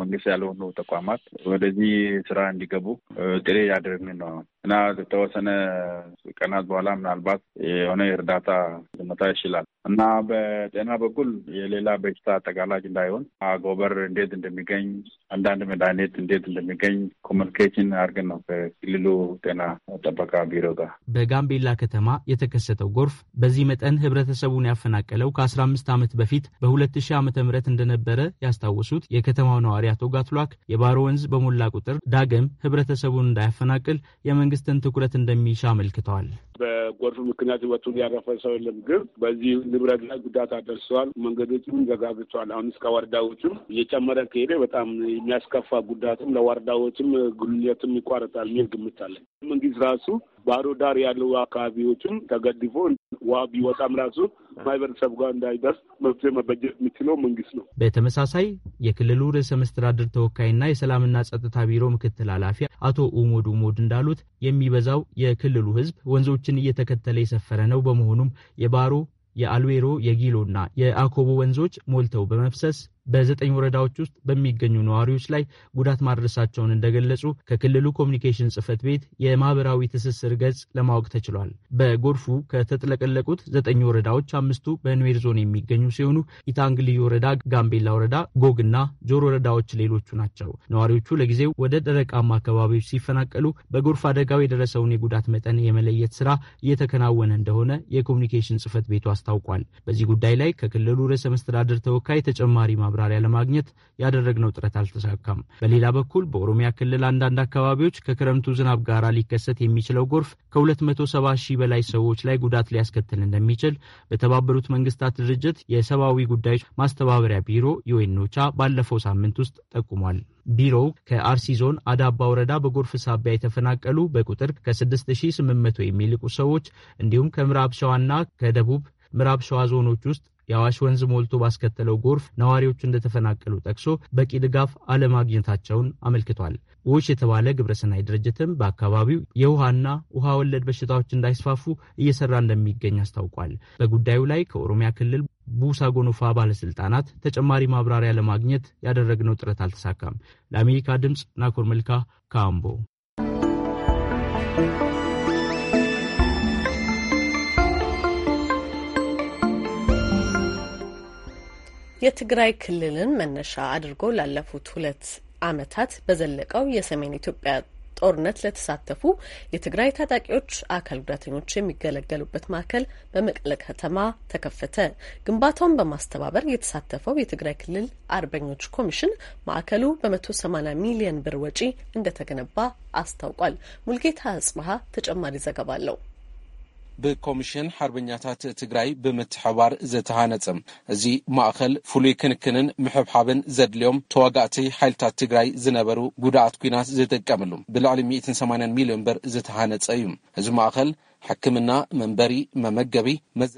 መንግስት ያልሆኑ ተቋማት ወደዚህ ስራ እንዲገቡ ጥሬ ያደርግን ነው። እና ከተወሰነ ቀናት በኋላ ምናልባት የሆነ የእርዳታ ልመጣ ይችላል እና በጤና በኩል የሌላ በሽታ ተጋላጭ እንዳይሆን አጎበር እንዴት እንደሚገኝ አንዳንድ መድኃኒት እንዴት እንደሚገኝ ኮሚኒኬሽን አድርገን ነው ከክልሉ ጤና ጥበቃ ቢሮ ጋር። በጋምቤላ ከተማ የተከሰተው ጎርፍ በዚህ መጠን ህብረተሰቡን ያፈናቀለው ከአስራ አምስት ዓመት በፊት በሁለት ሺህ ዓመተ ምህረት እንደነበረ ያስታወሱት የከተማው ነዋሪ አቶ ጋትሏክ የባሮ ወንዝ በሞላ ቁጥር ዳግም ህብረተሰቡን እንዳያፈናቅል የመንግ የመንግስትን ትኩረት እንደሚሻ አመልክተዋል። በጎርፍ ምክንያት ህይወቱን ያረፈ ሰው የለም። ግን በዚህ ንብረት ላይ ጉዳት አደርሰዋል። መንገዶችም ዘጋግተዋል። አሁን እስከ ወረዳዎችም እየጨመረ ከሄደ በጣም የሚያስከፋ ጉዳትም ለወረዳዎችም ግንኙነትም ይቋረጣል የሚል ግምት አለን። መንግስት ራሱ ባህሮ ዳር ያለው አካባቢዎችም ተገድፎ ውሃ ቢወጣም ራሱ ማህበረሰብ ጋር እንዳይደርስ መፍትሄ መበጀት የሚችለው መንግስት ነው። በተመሳሳይ የክልሉ ርዕሰ መስተዳድር ተወካይና የሰላምና ጸጥታ ቢሮ ምክትል ኃላፊ አቶ ኡሞድ ኡሞድ እንዳሉት የሚበዛው የክልሉ ህዝብ ወንዞች ወንዞችን እየተከተለ የሰፈረ ነው። በመሆኑም የባሮ የአልዌሮ የጊሎና የአኮቦ ወንዞች ሞልተው በመፍሰስ በዘጠኝ ወረዳዎች ውስጥ በሚገኙ ነዋሪዎች ላይ ጉዳት ማድረሳቸውን እንደገለጹ ከክልሉ ኮሚኒኬሽን ጽህፈት ቤት የማህበራዊ ትስስር ገጽ ለማወቅ ተችሏል። በጎርፉ ከተጥለቀለቁት ዘጠኝ ወረዳዎች አምስቱ በኑዌር ዞን የሚገኙ ሲሆኑ ኢታንግ ልዩ ወረዳ፣ ጋምቤላ ወረዳ፣ ጎግና ጆር ወረዳዎች ሌሎቹ ናቸው። ነዋሪዎቹ ለጊዜው ወደ ደረቃማ አካባቢዎች ሲፈናቀሉ በጎርፍ አደጋው የደረሰውን የጉዳት መጠን የመለየት ስራ እየተከናወነ እንደሆነ የኮሚኒኬሽን ጽህፈት ቤቱ አስታውቋል። በዚህ ጉዳይ ላይ ከክልሉ ርዕሰ መስተዳደር ተወካይ ተጨማሪ ማብራሪያ ለማግኘት ያደረግነው ጥረት አልተሳካም። በሌላ በኩል በኦሮሚያ ክልል አንዳንድ አካባቢዎች ከክረምቱ ዝናብ ጋር ሊከሰት የሚችለው ጎርፍ ከ270 ሺህ በላይ ሰዎች ላይ ጉዳት ሊያስከትል እንደሚችል በተባበሩት መንግስታት ድርጅት የሰብአዊ ጉዳዮች ማስተባበሪያ ቢሮ ዩኤኖቻ ባለፈው ሳምንት ውስጥ ጠቁሟል። ቢሮው ከአርሲ ዞን አዳባ ወረዳ በጎርፍ ሳቢያ የተፈናቀሉ በቁጥር ከ6800 የሚልቁ ሰዎች እንዲሁም ከምዕራብ ሸዋና ከደቡብ ምዕራብ ሸዋ ዞኖች ውስጥ የአዋሽ ወንዝ ሞልቶ ባስከተለው ጎርፍ ነዋሪዎቹ እንደተፈናቀሉ ጠቅሶ በቂ ድጋፍ አለማግኘታቸውን አመልክቷል። ውሽ የተባለ ግብረሰናይ ድርጅትም በአካባቢው የውሃና ውሃ ወለድ በሽታዎች እንዳይስፋፉ እየሰራ እንደሚገኝ አስታውቋል። በጉዳዩ ላይ ከኦሮሚያ ክልል ቡሳ ጎኖፋ ባለስልጣናት ተጨማሪ ማብራሪያ ለማግኘት ያደረግነው ጥረት አልተሳካም። ለአሜሪካ ድምፅ ናኮር መልካ ካምቦ የትግራይ ክልልን መነሻ አድርጎ ላለፉት ሁለት ዓመታት በዘለቀው የሰሜን ኢትዮጵያ ጦርነት ለተሳተፉ የትግራይ ታጣቂዎች አካል ጉዳተኞች የሚገለገሉበት ማዕከል በመቀለ ከተማ ተከፈተ። ግንባታውን በማስተባበር የተሳተፈው የትግራይ ክልል አርበኞች ኮሚሽን ማዕከሉ በመቶ 180 ሚሊዮን ብር ወጪ እንደተገነባ አስታውቋል። ሙልጌታ አጽብሀ ተጨማሪ ዘገባ አለው። ብኮሚሽን ሓርበኛታት ትግራይ ብምትሕባር ዝተሃነፀ እዚ ማእኸል ፍሉይ ክንክንን ምሕብሓብን ዘድልዮም ተዋጋእቲ ሓይልታት ትግራይ ዝነበሩ ጉዳኣት ኩናት ዝጥቀምሉ ብልዕሊ 180 ሚልዮን ብር ዝተሃነፀ እዩ እዚ ማእኸል ሕክምና፣ መንበሪ፣ መመገቢ መዘ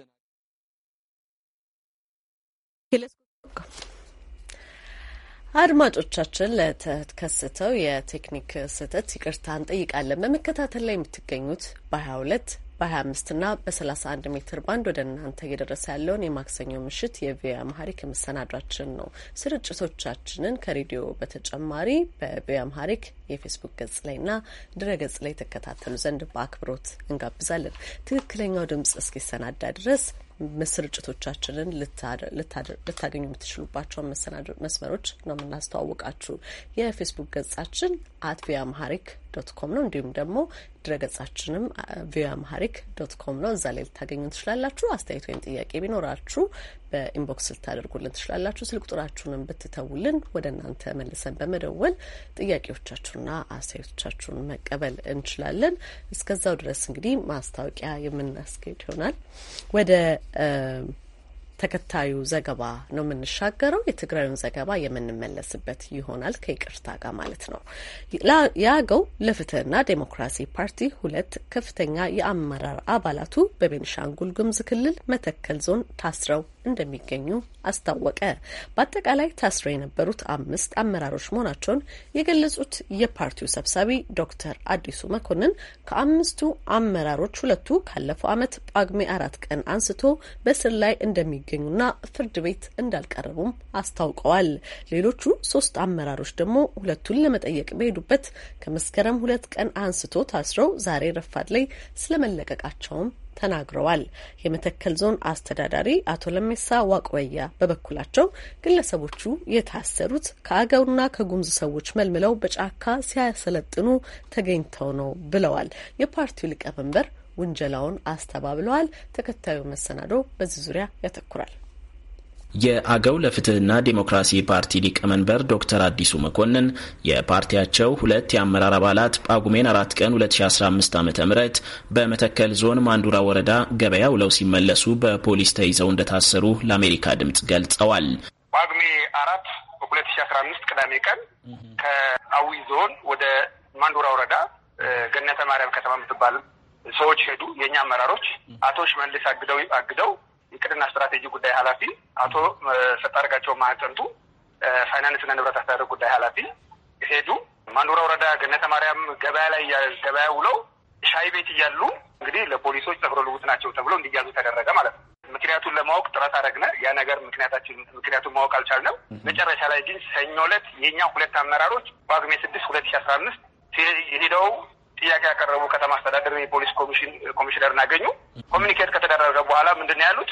አድማጮቻችን ለተከሰተው የቴክኒክ ስህተት ይቅርታ እንጠይቃለን። በመከታተል ላይ የምትገኙት በ22 በ25 እና በ31 ሜትር ባንድ ወደ እናንተ እየደረሰ ያለውን የማክሰኞ ምሽት የቪኦኤ አምሃሪክ የመሰናዷችን ነው። ስርጭቶቻችንን ከሬዲዮ በተጨማሪ በቪኦኤ አምሃሪክ የፌስቡክ ገጽ ላይ ና ድረ ገጽ ላይ ተከታተሉ ዘንድ በአክብሮት እንጋብዛለን። ትክክለኛው ድምጽ እስኪሰናዳ ድረስ ስርጭቶቻችንን ልታገኙ የምትችሉባቸውን መስመሮች ነው የምናስተዋውቃችሁ። የፌስቡክ ገጻችን አት ቪኦኤ አምሃሪክ ዶት ኮም ነው። እንዲሁም ደግሞ ድረገጻችንም ቪኦኤ አማሪክ ዶት ኮም ነው። እዛ ላይ ልታገኙ ትችላላችሁ። አስተያየት ወይም ጥያቄ ቢኖራችሁ በኢንቦክስ ልታደርጉልን ትችላላችሁ። ስልክ ቁጥራችሁንም ብትተውልን ወደ እናንተ መልሰን በመደወል ጥያቄዎቻችሁና አስተያየቶቻችሁን መቀበል እንችላለን። እስከዛው ድረስ እንግዲህ ማስታወቂያ የምናስገድ ይሆናል ወደ ተከታዩ ዘገባ ነው የምንሻገረው። የትግራዩን ዘገባ የምንመለስበት ይሆናል ከይቅርታ ጋር ማለት ነው። የአገው ለፍትህና ዴሞክራሲ ፓርቲ ሁለት ከፍተኛ የአመራር አባላቱ በቤንሻንጉል ጉምዝ ክልል መተከል ዞን ታስረው እንደሚገኙ አስታወቀ። በአጠቃላይ ታስረው የነበሩት አምስት አመራሮች መሆናቸውን የገለጹት የፓርቲው ሰብሳቢ ዶክተር አዲሱ መኮንን ከአምስቱ አመራሮች ሁለቱ ካለፈው ዓመት ጳጉሜ አራት ቀን አንስቶ በእስር ላይ እንደሚገኙና ፍርድ ቤት እንዳልቀረቡም አስታውቀዋል። ሌሎቹ ሶስት አመራሮች ደግሞ ሁለቱን ለመጠየቅ በሄዱበት ከመስከረም ሁለት ቀን አንስቶ ታስረው ዛሬ ረፋድ ላይ ስለመለቀቃቸውም ተናግረዋል። የመተከል ዞን አስተዳዳሪ አቶ ለሜሳ ዋቆያ በበኩላቸው ግለሰቦቹ የታሰሩት ከአገውና ከጉምዝ ሰዎች መልምለው በጫካ ሲያሰለጥኑ ተገኝተው ነው ብለዋል። የፓርቲው ሊቀመንበር ውንጀላውን አስተባብለዋል። ተከታዩ መሰናዶ በዚህ ዙሪያ ያተኩራል። የአገው ለፍትህና ዴሞክራሲ ፓርቲ ሊቀመንበር ዶክተር አዲሱ መኮንን የፓርቲያቸው ሁለት የአመራር አባላት ጳጉሜን አራት ቀን 2015 ዓ ም በመተከል ዞን ማንዱራ ወረዳ ገበያ ውለው ሲመለሱ በፖሊስ ተይዘው እንደታሰሩ ለአሜሪካ ድምፅ ገልጸዋል። ጳጉሜ አራት 2015 ቅዳሜ ቀን ከአዊ ዞን ወደ ማንዱራ ወረዳ ገነተ ማርያም ከተማ የምትባል ሰዎች ሄዱ። የእኛ አመራሮች አቶ ሽመልስ አግደው አግደው እቅድና ስትራቴጂ ጉዳይ ኃላፊ አቶ ሰጣርጋቸው ፋይናንስ ፋይናንስና ንብረት አስተዳደር ጉዳይ ኃላፊ ሄዱ። ማንዱራ ወረዳ ገነተ ማርያም ገበያ ላይ ገበያ ውለው ሻይ ቤት እያሉ እንግዲህ ለፖሊሶች ጸጉረ ልውጥ ናቸው ተብሎ እንዲያዙ ተደረገ ማለት ነው። ምክንያቱን ለማወቅ ጥረት አደረግነ። ያ ነገር ምክንያታችን ምክንያቱን ማወቅ አልቻልንም። መጨረሻ ላይ ግን ሰኞ ዕለት የእኛ ሁለት አመራሮች በጳጉሜ ስድስት ሁለት ሺ አስራ አምስት የሄደው ጥያቄ ያቀረቡ ከተማ አስተዳደር የፖሊስ ኮሚሽን ኮሚሽነርን አገኙ። ኮሚኒኬት ከተደረገ በኋላ ምንድን ነው ያሉት?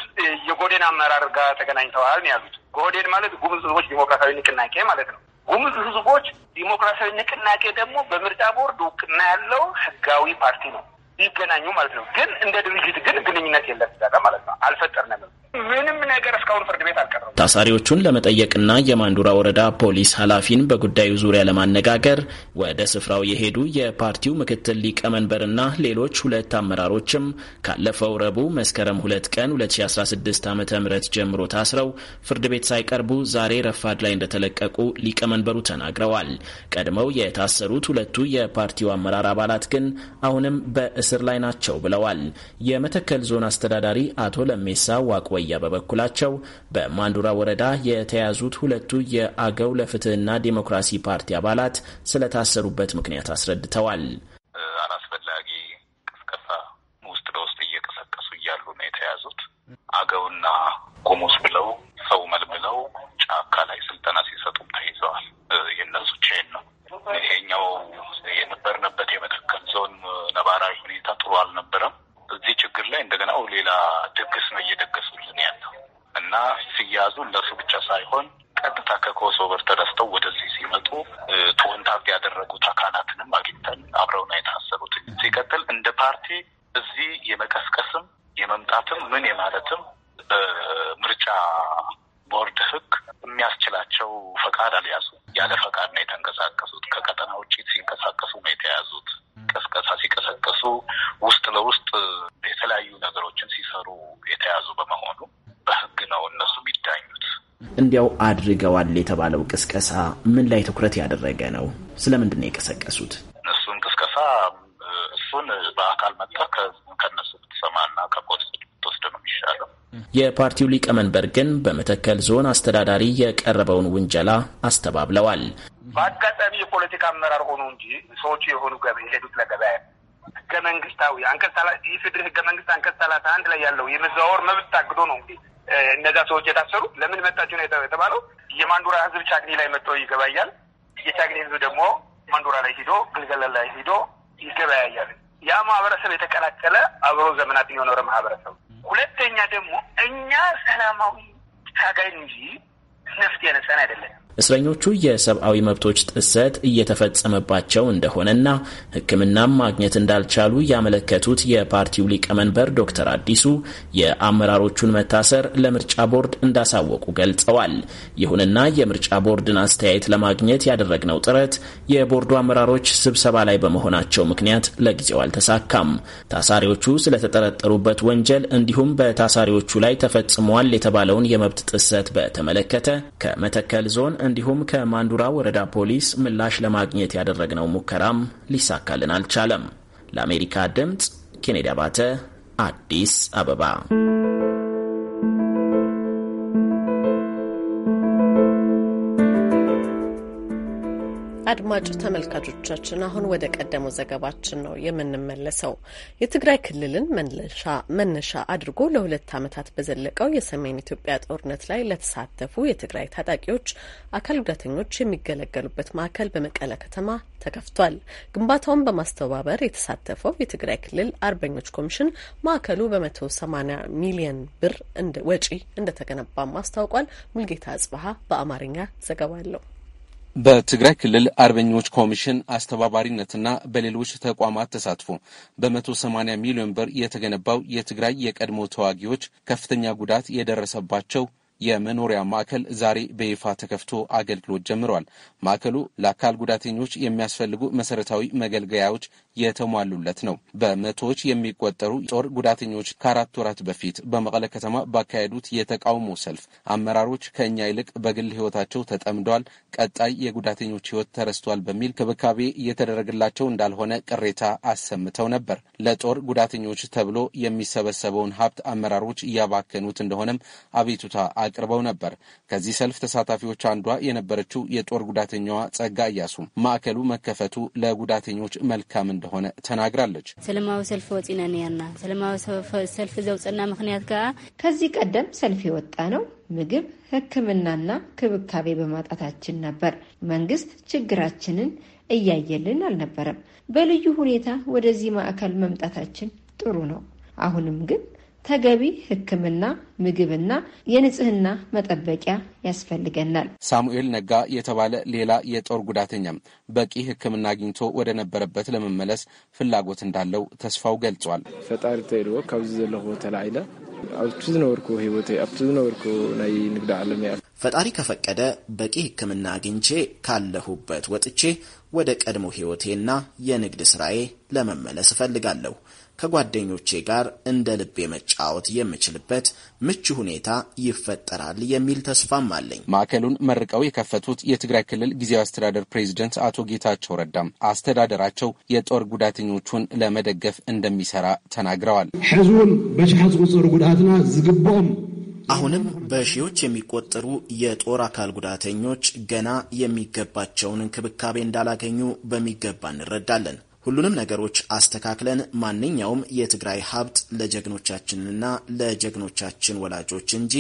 የጎዴን አመራር ጋር ተገናኝተዋል ነው ያሉት። ጎዴን ማለት ጉምዝ ህዝቦች ዲሞክራሲያዊ ንቅናቄ ማለት ነው። ጉምዝ ህዝቦች ዲሞክራሲያዊ ንቅናቄ ደግሞ በምርጫ ቦርድ እውቅና ያለው ህጋዊ ፓርቲ ነው። ይገናኙ ማለት ነው። ግን እንደ ድርጅት ግን ግንኙነት የለም ማለት ነው። አልፈጠርንም ምንም ነገር እስካሁን ፍርድ ቤት አልቀረም። ታሳሪዎቹን ለመጠየቅና የማንዱራ ወረዳ ፖሊስ ኃላፊን በጉዳዩ ዙሪያ ለማነጋገር ወደ ስፍራው የሄዱ የፓርቲው ምክትል ሊቀመንበርና ሌሎች ሁለት አመራሮችም ካለፈው ረቡዕ መስከረም ሁለት ቀን 2016 ዓ ም ጀምሮ ታስረው ፍርድ ቤት ሳይቀርቡ ዛሬ ረፋድ ላይ እንደተለቀቁ ሊቀመንበሩ ተናግረዋል። ቀድመው የታሰሩት ሁለቱ የፓርቲው አመራር አባላት ግን አሁንም በእስር ላይ ናቸው ብለዋል። የመተከል ዞን አስተዳዳሪ አቶ ለሜሳ ዋቆ ቆያ በበኩላቸው በማንዱራ ወረዳ የተያዙት ሁለቱ የአገው ለፍትህና ዴሞክራሲ ፓርቲ አባላት ስለታሰሩበት ምክንያት አስረድተዋል። አላስፈላጊ ቅስቀሳ ውስጥ ለውስጥ እየቀሰቀሱ እያሉ ነው የተያዙት። አገውና ጉሙዝ ብለው ሰው መልምለው ጫካ ላይ ስልጠና ሲሰጡም ተይዘዋል። የእነሱ ቼን ነው ይሄኛ እንዲያው አድርገዋል የተባለው ቅስቀሳ ምን ላይ ትኩረት ያደረገ ነው? ስለምንድን ነው የቀሰቀሱት? እሱን ቅስቀሳ እሱን በአካል መጣ ከነሱ ብትሰማ እና ነው የሚሻለው። የፓርቲው ሊቀመንበር ግን በመተከል ዞን አስተዳዳሪ የቀረበውን ውንጀላ አስተባብለዋል። በአጋጣሚ የፖለቲካ አመራር ሆኑ እንጂ ሰዎቹ የሆኑ የሄዱት ለገበያ ህገ መንግስታዊ አንቀጽ ኢፌዴሪ ህገ መንግስት አንቀጽ ሰላሳ አንድ ላይ ያለው የመዘዋወር መብት ታግዶ ነው እንዴ እነዛ ሰዎች የታሰሩ ለምን መጣችሁ ነው የተባለው። የማንዱራ ህዝብ ቻግኒ ላይ መጥቶ ይገባያል። የቻግኒ ህዝብ ደግሞ ማንዱራ ላይ ሂዶ ግልገለ ላይ ሂዶ ይገበያያል። ያ ማህበረሰብ የተቀላቀለ አብሮ ዘመናት የኖረ ማህበረሰብ እስረኞቹ የሰብአዊ መብቶች ጥሰት እየተፈጸመባቸው እንደሆነና ሕክምናም ማግኘት እንዳልቻሉ ያመለከቱት የፓርቲው ሊቀመንበር ዶክተር አዲሱ የአመራሮቹን መታሰር ለምርጫ ቦርድ እንዳሳወቁ ገልጸዋል። ይሁንና የምርጫ ቦርድን አስተያየት ለማግኘት ያደረግነው ጥረት የቦርዱ አመራሮች ስብሰባ ላይ በመሆናቸው ምክንያት ለጊዜው አልተሳካም። ታሳሪዎቹ ስለተጠረጠሩበት ወንጀል እንዲሁም በታሳሪዎቹ ላይ ተፈጽሟል የተባለውን የመብት ጥሰት በተመለከተ ከመተከል ዞን እንዲ እንዲሁም ከማንዱራ ወረዳ ፖሊስ ምላሽ ለማግኘት ያደረግነው ሙከራም ሊሳካልን አልቻለም። ለአሜሪካ ድምፅ ኬኔዲ አባተ አዲስ አበባ አድማጭ ተመልካቾቻችን አሁን ወደ ቀደመው ዘገባችን ነው የምንመለሰው። የትግራይ ክልልን መነሻ አድርጎ ለሁለት ዓመታት በዘለቀው የሰሜን ኢትዮጵያ ጦርነት ላይ ለተሳተፉ የትግራይ ታጣቂዎች አካል ጉዳተኞች የሚገለገሉበት ማዕከል በመቀለ ከተማ ተከፍቷል። ግንባታውን በማስተባበር የተሳተፈው የትግራይ ክልል አርበኞች ኮሚሽን ማዕከሉ በመቶ ሰማኒያ ሚሊዮን ብር ወጪ እንደተገነባም አስታውቋል። ሙልጌታ አጽበሀ በአማርኛ ዘገባ አለው። በትግራይ ክልል አርበኞች ኮሚሽን አስተባባሪነትና በሌሎች ተቋማት ተሳትፎ በመቶ ሰማንያ ሚሊዮን ብር የተገነባው የትግራይ የቀድሞ ተዋጊዎች ከፍተኛ ጉዳት የደረሰባቸው የመኖሪያ ማዕከል ዛሬ በይፋ ተከፍቶ አገልግሎት ጀምሯል። ማዕከሉ ለአካል ጉዳተኞች የሚያስፈልጉ መሰረታዊ መገልገያዎች የተሟሉለት ነው። በመቶዎች የሚቆጠሩ ጦር ጉዳተኞች ከአራት ወራት በፊት በመቀለ ከተማ ባካሄዱት የተቃውሞ ሰልፍ አመራሮች ከእኛ ይልቅ በግል ህይወታቸው ተጠምደዋል፣ ቀጣይ የጉዳተኞች ህይወት ተረስቷል በሚል ክብካቤ እየተደረገላቸው እንዳልሆነ ቅሬታ አሰምተው ነበር። ለጦር ጉዳተኞች ተብሎ የሚሰበሰበውን ሀብት አመራሮች እያባከኑት እንደሆነም አቤቱታ አቅርበው ነበር። ከዚህ ሰልፍ ተሳታፊዎች አንዷ የነበረችው የጦር ጉዳተኛዋ ጸጋ እያሱ ማዕከሉ መከፈቱ ለጉዳተኞች መልካም እንደሆነ ተናግራለች። ሰለማዊ ሰልፍ ወፂነ ነያና ሰለማዊ ሰልፍ ዘውፅና ምክንያት ከዓ ከዚህ ቀደም ሰልፍ የወጣ ነው ምግብ ሕክምናና ክብካቤ በማጣታችን ነበር። መንግስት ችግራችንን እያየልን አልነበረም። በልዩ ሁኔታ ወደዚህ ማዕከል መምጣታችን ጥሩ ነው። አሁንም ግን ተገቢ ሕክምና፣ ምግብና የንጽህና መጠበቂያ ያስፈልገናል። ሳሙኤል ነጋ የተባለ ሌላ የጦር ጉዳተኛም በቂ ሕክምና አግኝቶ ወደ ነበረበት ለመመለስ ፍላጎት እንዳለው ተስፋው ገልጿል። ፈጣሪ ተይድዎ ካብዚ ዘለኹ ተላዒለ ኣብቲ ዝነበርኩ ሂወተ ኣብቲ ዝነበርኩ ናይ ንግዲ ዓለም እያ ፈጣሪ ከፈቀደ በቂ ሕክምና አግኝቼ ካለሁበት ወጥቼ ወደ ቀድሞ ሕይወቴና የንግድ ስራዬ ለመመለስ እፈልጋለሁ። ከጓደኞቼ ጋር እንደ ልቤ መጫወት የምችልበት ምቹ ሁኔታ ይፈጠራል የሚል ተስፋም አለኝ። ማዕከሉን መርቀው የከፈቱት የትግራይ ክልል ጊዜያዊ አስተዳደር ፕሬዚደንት አቶ ጌታቸው ረዳም አስተዳደራቸው የጦር ጉዳተኞቹን ለመደገፍ እንደሚሰራ ተናግረዋል። ሕዝቡን በሽሓት ቁፅር ጉዳትና ዝግብኦም አሁንም በሺዎች የሚቆጠሩ የጦር አካል ጉዳተኞች ገና የሚገባቸውን እንክብካቤ እንዳላገኙ በሚገባ እንረዳለን። ሁሉንም ነገሮች አስተካክለን ማንኛውም የትግራይ ሀብት ለጀግኖቻችንና ለጀግኖቻችን ወላጆች እንጂ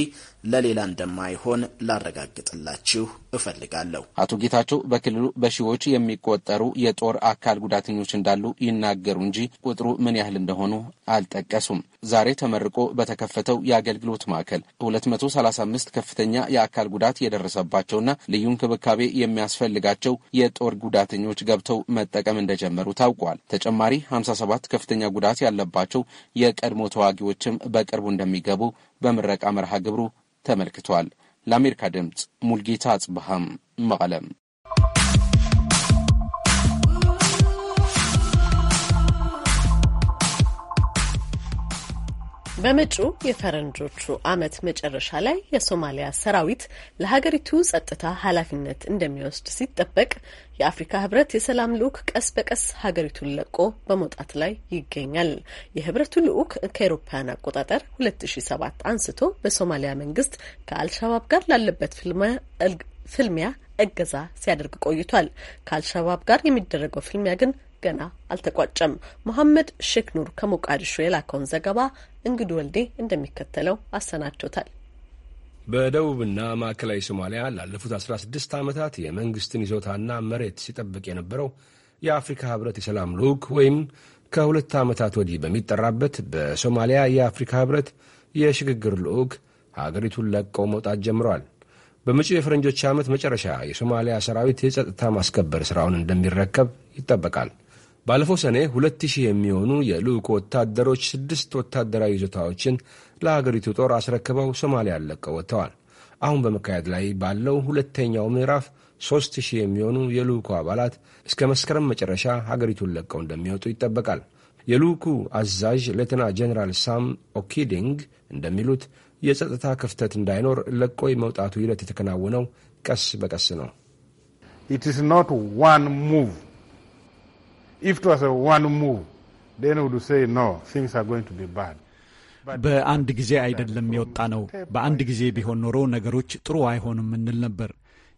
ለሌላ እንደማይሆን ላረጋግጥላችሁ እፈልጋለሁ። አቶ ጌታቸው በክልሉ በሺዎች የሚቆጠሩ የጦር አካል ጉዳተኞች እንዳሉ ይናገሩ እንጂ ቁጥሩ ምን ያህል እንደሆኑ አልጠቀሱም። ዛሬ ተመርቆ በተከፈተው የአገልግሎት ማዕከል 235 ከፍተኛ የአካል ጉዳት የደረሰባቸውና ልዩ እንክብካቤ የሚያስፈልጋቸው የጦር ጉዳተኞች ገብተው መጠቀም እንደጀመሩ ታውቋል። ተጨማሪ 57 ከፍተኛ ጉዳት ያለባቸው የቀድሞ ተዋጊዎችም በቅርቡ እንደሚገቡ በምረቃ መርሃ ግብሩ ተመልክቷል። ለአሜሪካ ድምፅ ሙልጌታ አጽብሃም መቀለም በመጪው የፈረንጆቹ ዓመት መጨረሻ ላይ የሶማሊያ ሰራዊት ለሀገሪቱ ጸጥታ ኃላፊነት እንደሚወስድ ሲጠበቅ የአፍሪካ ህብረት የሰላም ልዑክ ቀስ በቀስ ሀገሪቱን ለቆ በመውጣት ላይ ይገኛል። የህብረቱ ልዑክ ከኤሮፓውያን አቆጣጠር 2007 አንስቶ በሶማሊያ መንግስት ከአልሻባብ ጋር ላለበት ፍልሚያ እገዛ ሲያደርግ ቆይቷል። ከአልሻባብ ጋር የሚደረገው ፍልሚያ ግን ገና አልተቋጨም። መሐመድ ሼክ ኑር ከሞቃዲሾ የላከውን ዘገባ እንግዱ ወልዴ እንደሚከተለው አሰናድቶታል። በደቡብና ማዕከላዊ ሶማሊያ ላለፉት 16 ዓመታት የመንግሥትን ይዞታና መሬት ሲጠብቅ የነበረው የአፍሪካ ህብረት የሰላም ልዑክ ወይም ከሁለት ዓመታት ወዲህ በሚጠራበት በሶማሊያ የአፍሪካ ህብረት የሽግግር ልዑክ ሀገሪቱን ለቀው መውጣት ጀምረዋል። በመጪው የፈረንጆች ዓመት መጨረሻ የሶማሊያ ሰራዊት የጸጥታ ማስከበር ሥራውን እንደሚረከብ ይጠበቃል። ባለፈው ሰኔ ሁለት ሺህ የሚሆኑ የልዑክ ወታደሮች ስድስት ወታደራዊ ይዞታዎችን ለአገሪቱ ጦር አስረክበው ሶማሊያን ለቀው ወጥተዋል። አሁን በመካሄድ ላይ ባለው ሁለተኛው ምዕራፍ ሦስት ሺህ የሚሆኑ የልዑኩ አባላት እስከ መስከረም መጨረሻ አገሪቱን ለቀው እንደሚወጡ ይጠበቃል። የልዑኩ አዛዥ ሌተና ጀኔራል ሳም ኦኪዲንግ እንደሚሉት የጸጥታ ክፍተት እንዳይኖር ለቆ የመውጣቱ ሂደት የተከናወነው ቀስ በቀስ ነው። ኢት ኖት ዋን ሙቭ if it was a one move, then we would say no, things are going to be bad. በአንድ ጊዜ አይደለም የወጣ ነው። በአንድ ጊዜ ቢሆን ኖሮ ነገሮች ጥሩ አይሆንም እንል ነበር።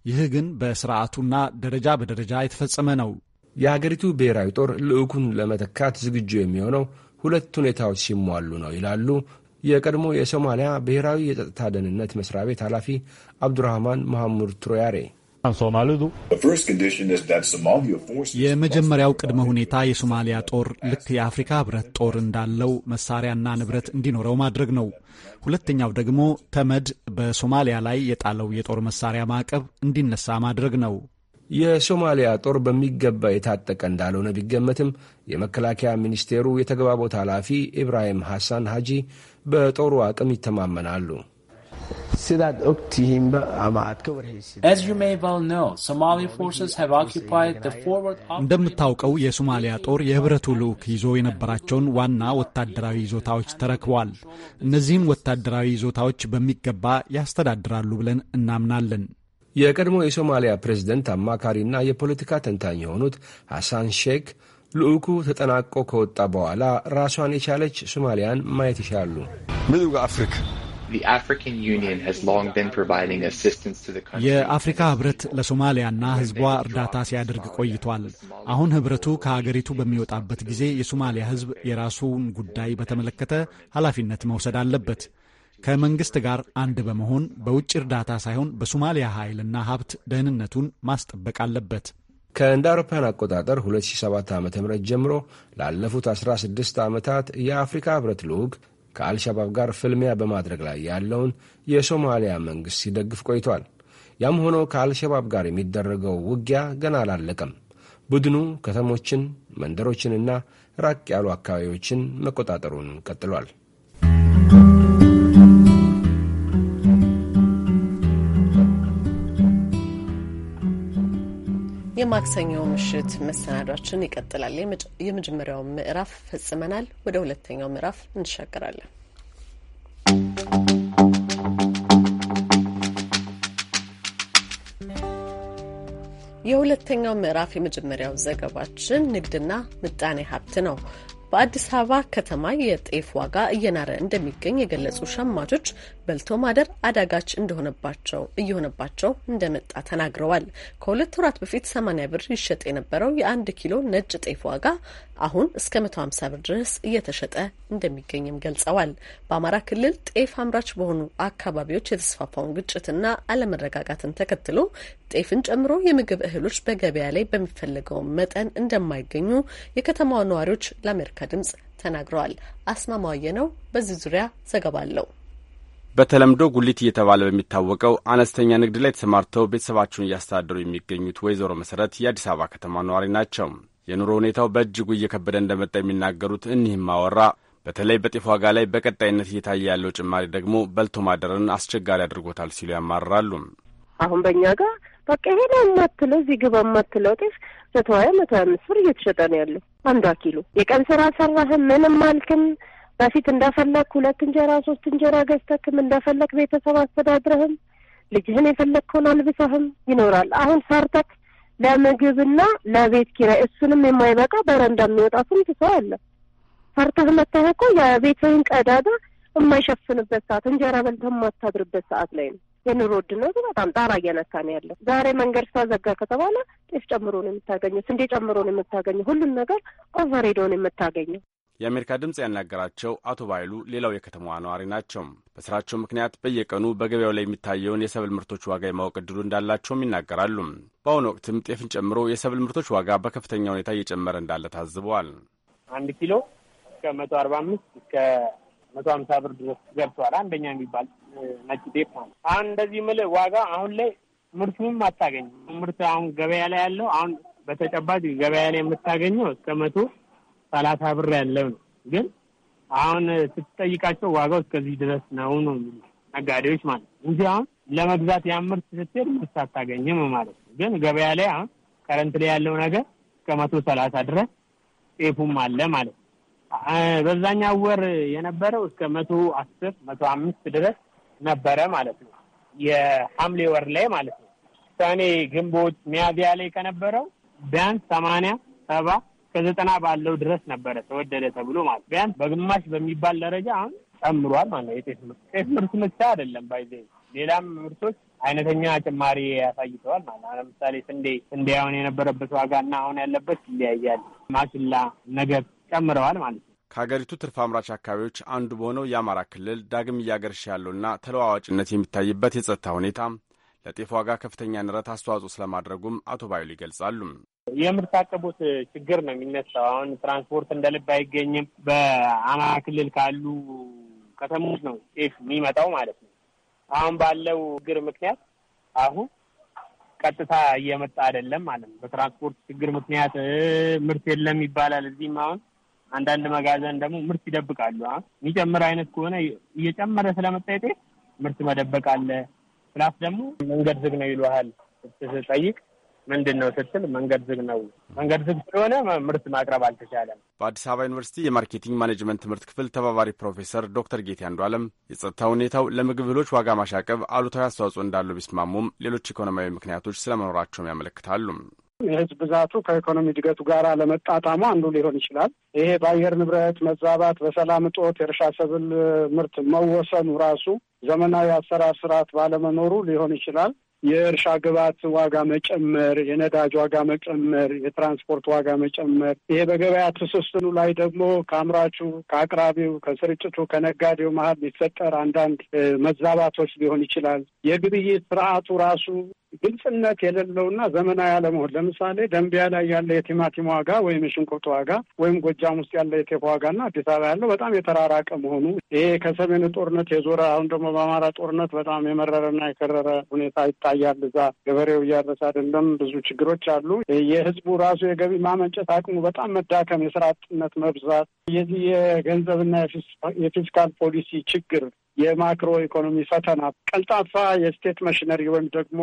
ይህ ግን በስርዓቱና ደረጃ በደረጃ የተፈጸመ ነው። የሀገሪቱ ብሔራዊ ጦር ልዑኩን ለመተካት ዝግጁ የሚሆነው ሁለት ሁኔታዎች ሲሟሉ ነው ይላሉ የቀድሞ የሶማሊያ ብሔራዊ የጸጥታ ደህንነት መስሪያ ቤት ኃላፊ አብዱራህማን መሐሙድ ቱሮያሬ። ሶማሊዱ የመጀመሪያው ቅድመ ሁኔታ የሶማሊያ ጦር ልክ የአፍሪካ ህብረት ጦር እንዳለው መሳሪያና ንብረት እንዲኖረው ማድረግ ነው። ሁለተኛው ደግሞ ተመድ በሶማሊያ ላይ የጣለው የጦር መሳሪያ ማዕቀብ እንዲነሳ ማድረግ ነው። የሶማሊያ ጦር በሚገባ የታጠቀ እንዳልሆነ ቢገመትም የመከላከያ ሚኒስቴሩ የተግባቦት ኃላፊ ኢብራሂም ሐሳን ሐጂ በጦሩ አቅም ይተማመናሉ። እንደምታውቀው የሶማሊያ ጦር የህብረቱ ልዑክ ይዞ የነበራቸውን ዋና ወታደራዊ ይዞታዎች ተረክበዋል። እነዚህን ወታደራዊ ይዞታዎች በሚገባ ያስተዳድራሉ ብለን እናምናለን። የቀድሞ የሶማሊያ ፕሬዝደንት አማካሪና የፖለቲካ ተንታኝ የሆኑት ሐሳን ሼክ ልዑኩ ተጠናቆ ከወጣ በኋላ ራሷን የቻለች ሶማሊያን ማየት ይሻሉ። ምድብ አፍሪካ የአፍሪካ ህብረት ለሶማሊያና ህዝቧ እርዳታ ሲያደርግ ቆይቷል። አሁን ህብረቱ ከሀገሪቱ በሚወጣበት ጊዜ የሶማሊያ ህዝብ የራሱን ጉዳይ በተመለከተ ኃላፊነት መውሰድ አለበት። ከመንግስት ጋር አንድ በመሆን በውጭ እርዳታ ሳይሆን በሶማሊያ ኃይልና ሀብት ደህንነቱን ማስጠበቅ አለበት። ከእንደ አውሮፓውያን አቆጣጠር 2007 ዓ ም ጀምሮ ላለፉት 16 ዓመታት የአፍሪካ ህብረት ልዑክ ከአልሻባብ ጋር ፍልሚያ በማድረግ ላይ ያለውን የሶማሊያ መንግሥት ሲደግፍ ቆይቷል። ያም ሆኖ ከአልሸባብ ጋር የሚደረገው ውጊያ ገና አላለቀም። ቡድኑ ከተሞችን፣ መንደሮችንና ራቅ ያሉ አካባቢዎችን መቆጣጠሩን ቀጥሏል። የማክሰኞ ምሽት መሰናዷችን ይቀጥላል። የመጀመሪያው ምዕራፍ ፈጽመናል። ወደ ሁለተኛው ምዕራፍ እንሻገራለን። የሁለተኛው ምዕራፍ የመጀመሪያው ዘገባችን ንግድና ምጣኔ ሀብት ነው። በአዲስ አበባ ከተማ የጤፍ ዋጋ እየናረ እንደሚገኝ የገለጹ ሸማቾች በልቶ ማደር አዳጋች እንደሆነባቸው እየሆነባቸው እንደመጣ ተናግረዋል። ከሁለት ወራት በፊት ሰማኒያ ብር ይሸጥ የነበረው የአንድ ኪሎ ነጭ ጤፍ ዋጋ አሁን እስከ መቶ ብር ድረስ እየተሸጠ እንደሚገኝም ገልጸዋል። በአማራ ክልል ጤፍ አምራች በሆኑ አካባቢዎች የተስፋፋውን ግጭትና አለመረጋጋትን ተከትሎ ጤፍን ጨምሮ የምግብ እህሎች በገበያ ላይ በሚፈለገው መጠን እንደማይገኙ የከተማዋ ነዋሪዎች ለአሜሪካ ድምጽ ተናግረዋል። አስማማየ ነው በዚህ ዙሪያ ዘገባ አለው። በተለምዶ ጉሊት እየተባለ በሚታወቀው አነስተኛ ንግድ ላይ ተሰማርተው ቤተሰባቸውን እያስተዳደሩ የሚገኙት ወይዘሮ መሰረት የአዲስ አበባ ከተማ ነዋሪ ናቸው። የኑሮ ሁኔታው በእጅጉ እየከበደ እንደመጣ የሚናገሩት እኒህም አወራ በተለይ በጤፍ ዋጋ ላይ በቀጣይነት እየታየ ያለው ጭማሪ ደግሞ በልቶ ማደርን አስቸጋሪ አድርጎታል ሲሉ ያማራሉ። አሁን በእኛ ጋር በቃ ይሄ ነው የማትለው እዚህ ግባ የማትለው ጤፍ መቶ ሀያ መቶ ሀያ አምስት ብር እየተሸጠ ነው ያለው አንዷ ኪሎ። የቀን ስራ ሰራህም ምንም አልክም። በፊት እንዳፈለክ ሁለት እንጀራ ሶስት እንጀራ ገዝተክም እንዳፈለክ ቤተሰብ አስተዳድረህም ልጅህን የፈለግከውን አልብሰህም ይኖራል። አሁን ሰርተክ ለምግብና ለቤት ኪራይ እሱንም የማይበቃ በረንዳ የሚወጣ ስንት ሰው አለ። ፈርተህ መታህ እኮ የቤትህን ቀዳዳ የማይሸፍንበት ሰዓት እንጀራ በልተህ የማታድርበት ሰዓት ላይ ነው። የኑሮ ውድነቱ በጣም ጣራ እየነካ ያለ ያለው። ዛሬ መንገድ ስታዘጋ ከተባለ ጤፍ ጨምሮ ነው የምታገኘው፣ ስንዴ ጨምሮ ነው የምታገኘው፣ ሁሉም ነገር ኦቨር ነው የምታገኘው። የአሜሪካ ድምፅ ያናገራቸው አቶ ባይሉ ሌላው የከተማዋ ነዋሪ ናቸው። በስራቸው ምክንያት በየቀኑ በገበያው ላይ የሚታየውን የሰብል ምርቶች ዋጋ የማወቅ እድሉ እንዳላቸውም ይናገራሉ። በአሁኑ ወቅትም ጤፍን ጨምሮ የሰብል ምርቶች ዋጋ በከፍተኛ ሁኔታ እየጨመረ እንዳለ ታዝበዋል። አንድ ኪሎ እስከ መቶ አርባ አምስት እስከ መቶ ሀምሳ ብር ድረስ ገብተዋል። አንደኛ የሚባል ነጭ ጤፍ ማለት አሁን እንደዚህ ምል ዋጋ አሁን ላይ ምርቱም አታገኝም። ምርት አሁን ገበያ ላይ ያለው አሁን በተጨባጭ ገበያ ላይ የምታገኘው እስከ መቶ ሰላሳ ብር ያለው ነው። ግን አሁን ስትጠይቃቸው ዋጋው እስከዚህ ድረስ ነው ነው የሚሉ ነጋዴዎች ማለት ነው እንጂ አሁን ለመግዛት ያምርት ስትሄድ ምርት አታገኝም ማለት ነው። ግን ገበያ ላይ አሁን ከረንት ላይ ያለው ነገር እስከ መቶ ሰላሳ ድረስ ጤፉም አለ ማለት ነው። በዛኛው ወር የነበረው እስከ መቶ አስር መቶ አምስት ድረስ ነበረ ማለት ነው። የሐምሌ ወር ላይ ማለት ነው። ሰኔ፣ ግንቦት፣ ሚያዝያ ላይ ከነበረው ቢያንስ ሰማንያ ሰባ እስከ ዘጠና ባለው ድረስ ነበረ ተወደደ ተብሎ ማለት ቢያንስ በግማሽ በሚባል ደረጃ አሁን ጨምሯል ማለት ነው። የጤፍ ምርት ጤፍ ምርት ምቻ አይደለም ባይዘ ሌላም ምርቶች አይነተኛ ጭማሪ ያሳይተዋል ማለት ነው። ለምሳሌ ስንዴ ስንዴ አሁን የነበረበት እና አሁን ያለበት ይለያያል። ማሽላ ነገር ጨምረዋል ማለት ነው። ከሀገሪቱ ትርፍ አምራች አካባቢዎች አንዱ በሆነው የአማራ ክልል ዳግም እያገረሽ ያለውና ተለዋዋጭነት የሚታይበት የጸጥታ ሁኔታ ለጤፍ ዋጋ ከፍተኛ ንረት አስተዋጽኦ ስለማድረጉም አቶ ባዩል ይገልጻሉ። የምርት አቅርቦት ችግር ነው የሚነሳው። አሁን ትራንስፖርት እንደ ልብ አይገኝም። በአማራ ክልል ካሉ ከተሞች ነው ጤፍ የሚመጣው ማለት ነው። አሁን ባለው ችግር ምክንያት አሁን ቀጥታ እየመጣ አይደለም ማለት ነው። በትራንስፖርት ችግር ምክንያት ምርት የለም ይባላል። እዚህም አሁን አንዳንድ መጋዘን ደግሞ ምርት ይደብቃሉ። አሁን የሚጨምር አይነት ከሆነ እየጨመረ ስለመጣ ምርት መደበቅ አለ። ፕላስ ደግሞ መንገድ ዝግ ነው ይሉሃል ስጠይቅ ምንድን ነው ስትል መንገድ ዝግ ነው። መንገድ ዝግ ስለሆነ ምርት ማቅረብ አልተቻለም። በአዲስ አበባ ዩኒቨርሲቲ የማርኬቲንግ ማኔጅመንት ትምህርት ክፍል ተባባሪ ፕሮፌሰር ዶክተር ጌቴ አንዱ አለም የጸጥታ ሁኔታው ለምግብ እህሎች ዋጋ ማሻቀብ አሉታዊ አስተዋጽኦ እንዳለው ቢስማሙም ሌሎች ኢኮኖሚያዊ ምክንያቶች ስለመኖራቸውም ያመለክታሉ። የህዝብ ብዛቱ ከኢኮኖሚ እድገቱ ጋር ለመጣጣሙ አንዱ ሊሆን ይችላል። ይሄ በአየር ንብረት መዛባት፣ በሰላም እጦት የእርሻ ሰብል ምርት መወሰኑ ራሱ ዘመናዊ አሰራር ስርዓት ባለመኖሩ ሊሆን ይችላል። የእርሻ ግብዓት ዋጋ መጨመር፣ የነዳጅ ዋጋ መጨመር፣ የትራንስፖርት ዋጋ መጨመር፣ ይሄ በገበያ ትስስሩ ላይ ደግሞ ከአምራቹ፣ ከአቅራቢው፣ ከስርጭቱ፣ ከነጋዴው መሀል ሊፈጠር አንዳንድ መዛባቶች ሊሆን ይችላል። የግብይት ስርዓቱ ራሱ ግልጽነት የሌለውና ዘመናዊ አለመሆን ለምሳሌ ደንቢያ ላይ ያለ የቲማቲም ዋጋ ወይም የሽንኩርት ዋጋ ወይም ጎጃም ውስጥ ያለ የቴፍ ዋጋና አዲስ አበባ ያለው በጣም የተራራቀ መሆኑ ይሄ ከሰሜኑ ጦርነት የዞረ አሁን ደግሞ በአማራ ጦርነት በጣም የመረረና የከረረ ሁኔታ ይታያል። እዛ ገበሬው እያረሰ አይደለም። ብዙ ችግሮች አሉ። የህዝቡ ራሱ የገቢ ማመንጨት አቅሙ በጣም መዳከም፣ የስራ አጥነት መብዛት፣ የዚህ የገንዘብና የፊስካል ፖሊሲ ችግር የማክሮ ኢኮኖሚ ፈተና ቀልጣፋ የስቴት መሽነሪ ወይም ደግሞ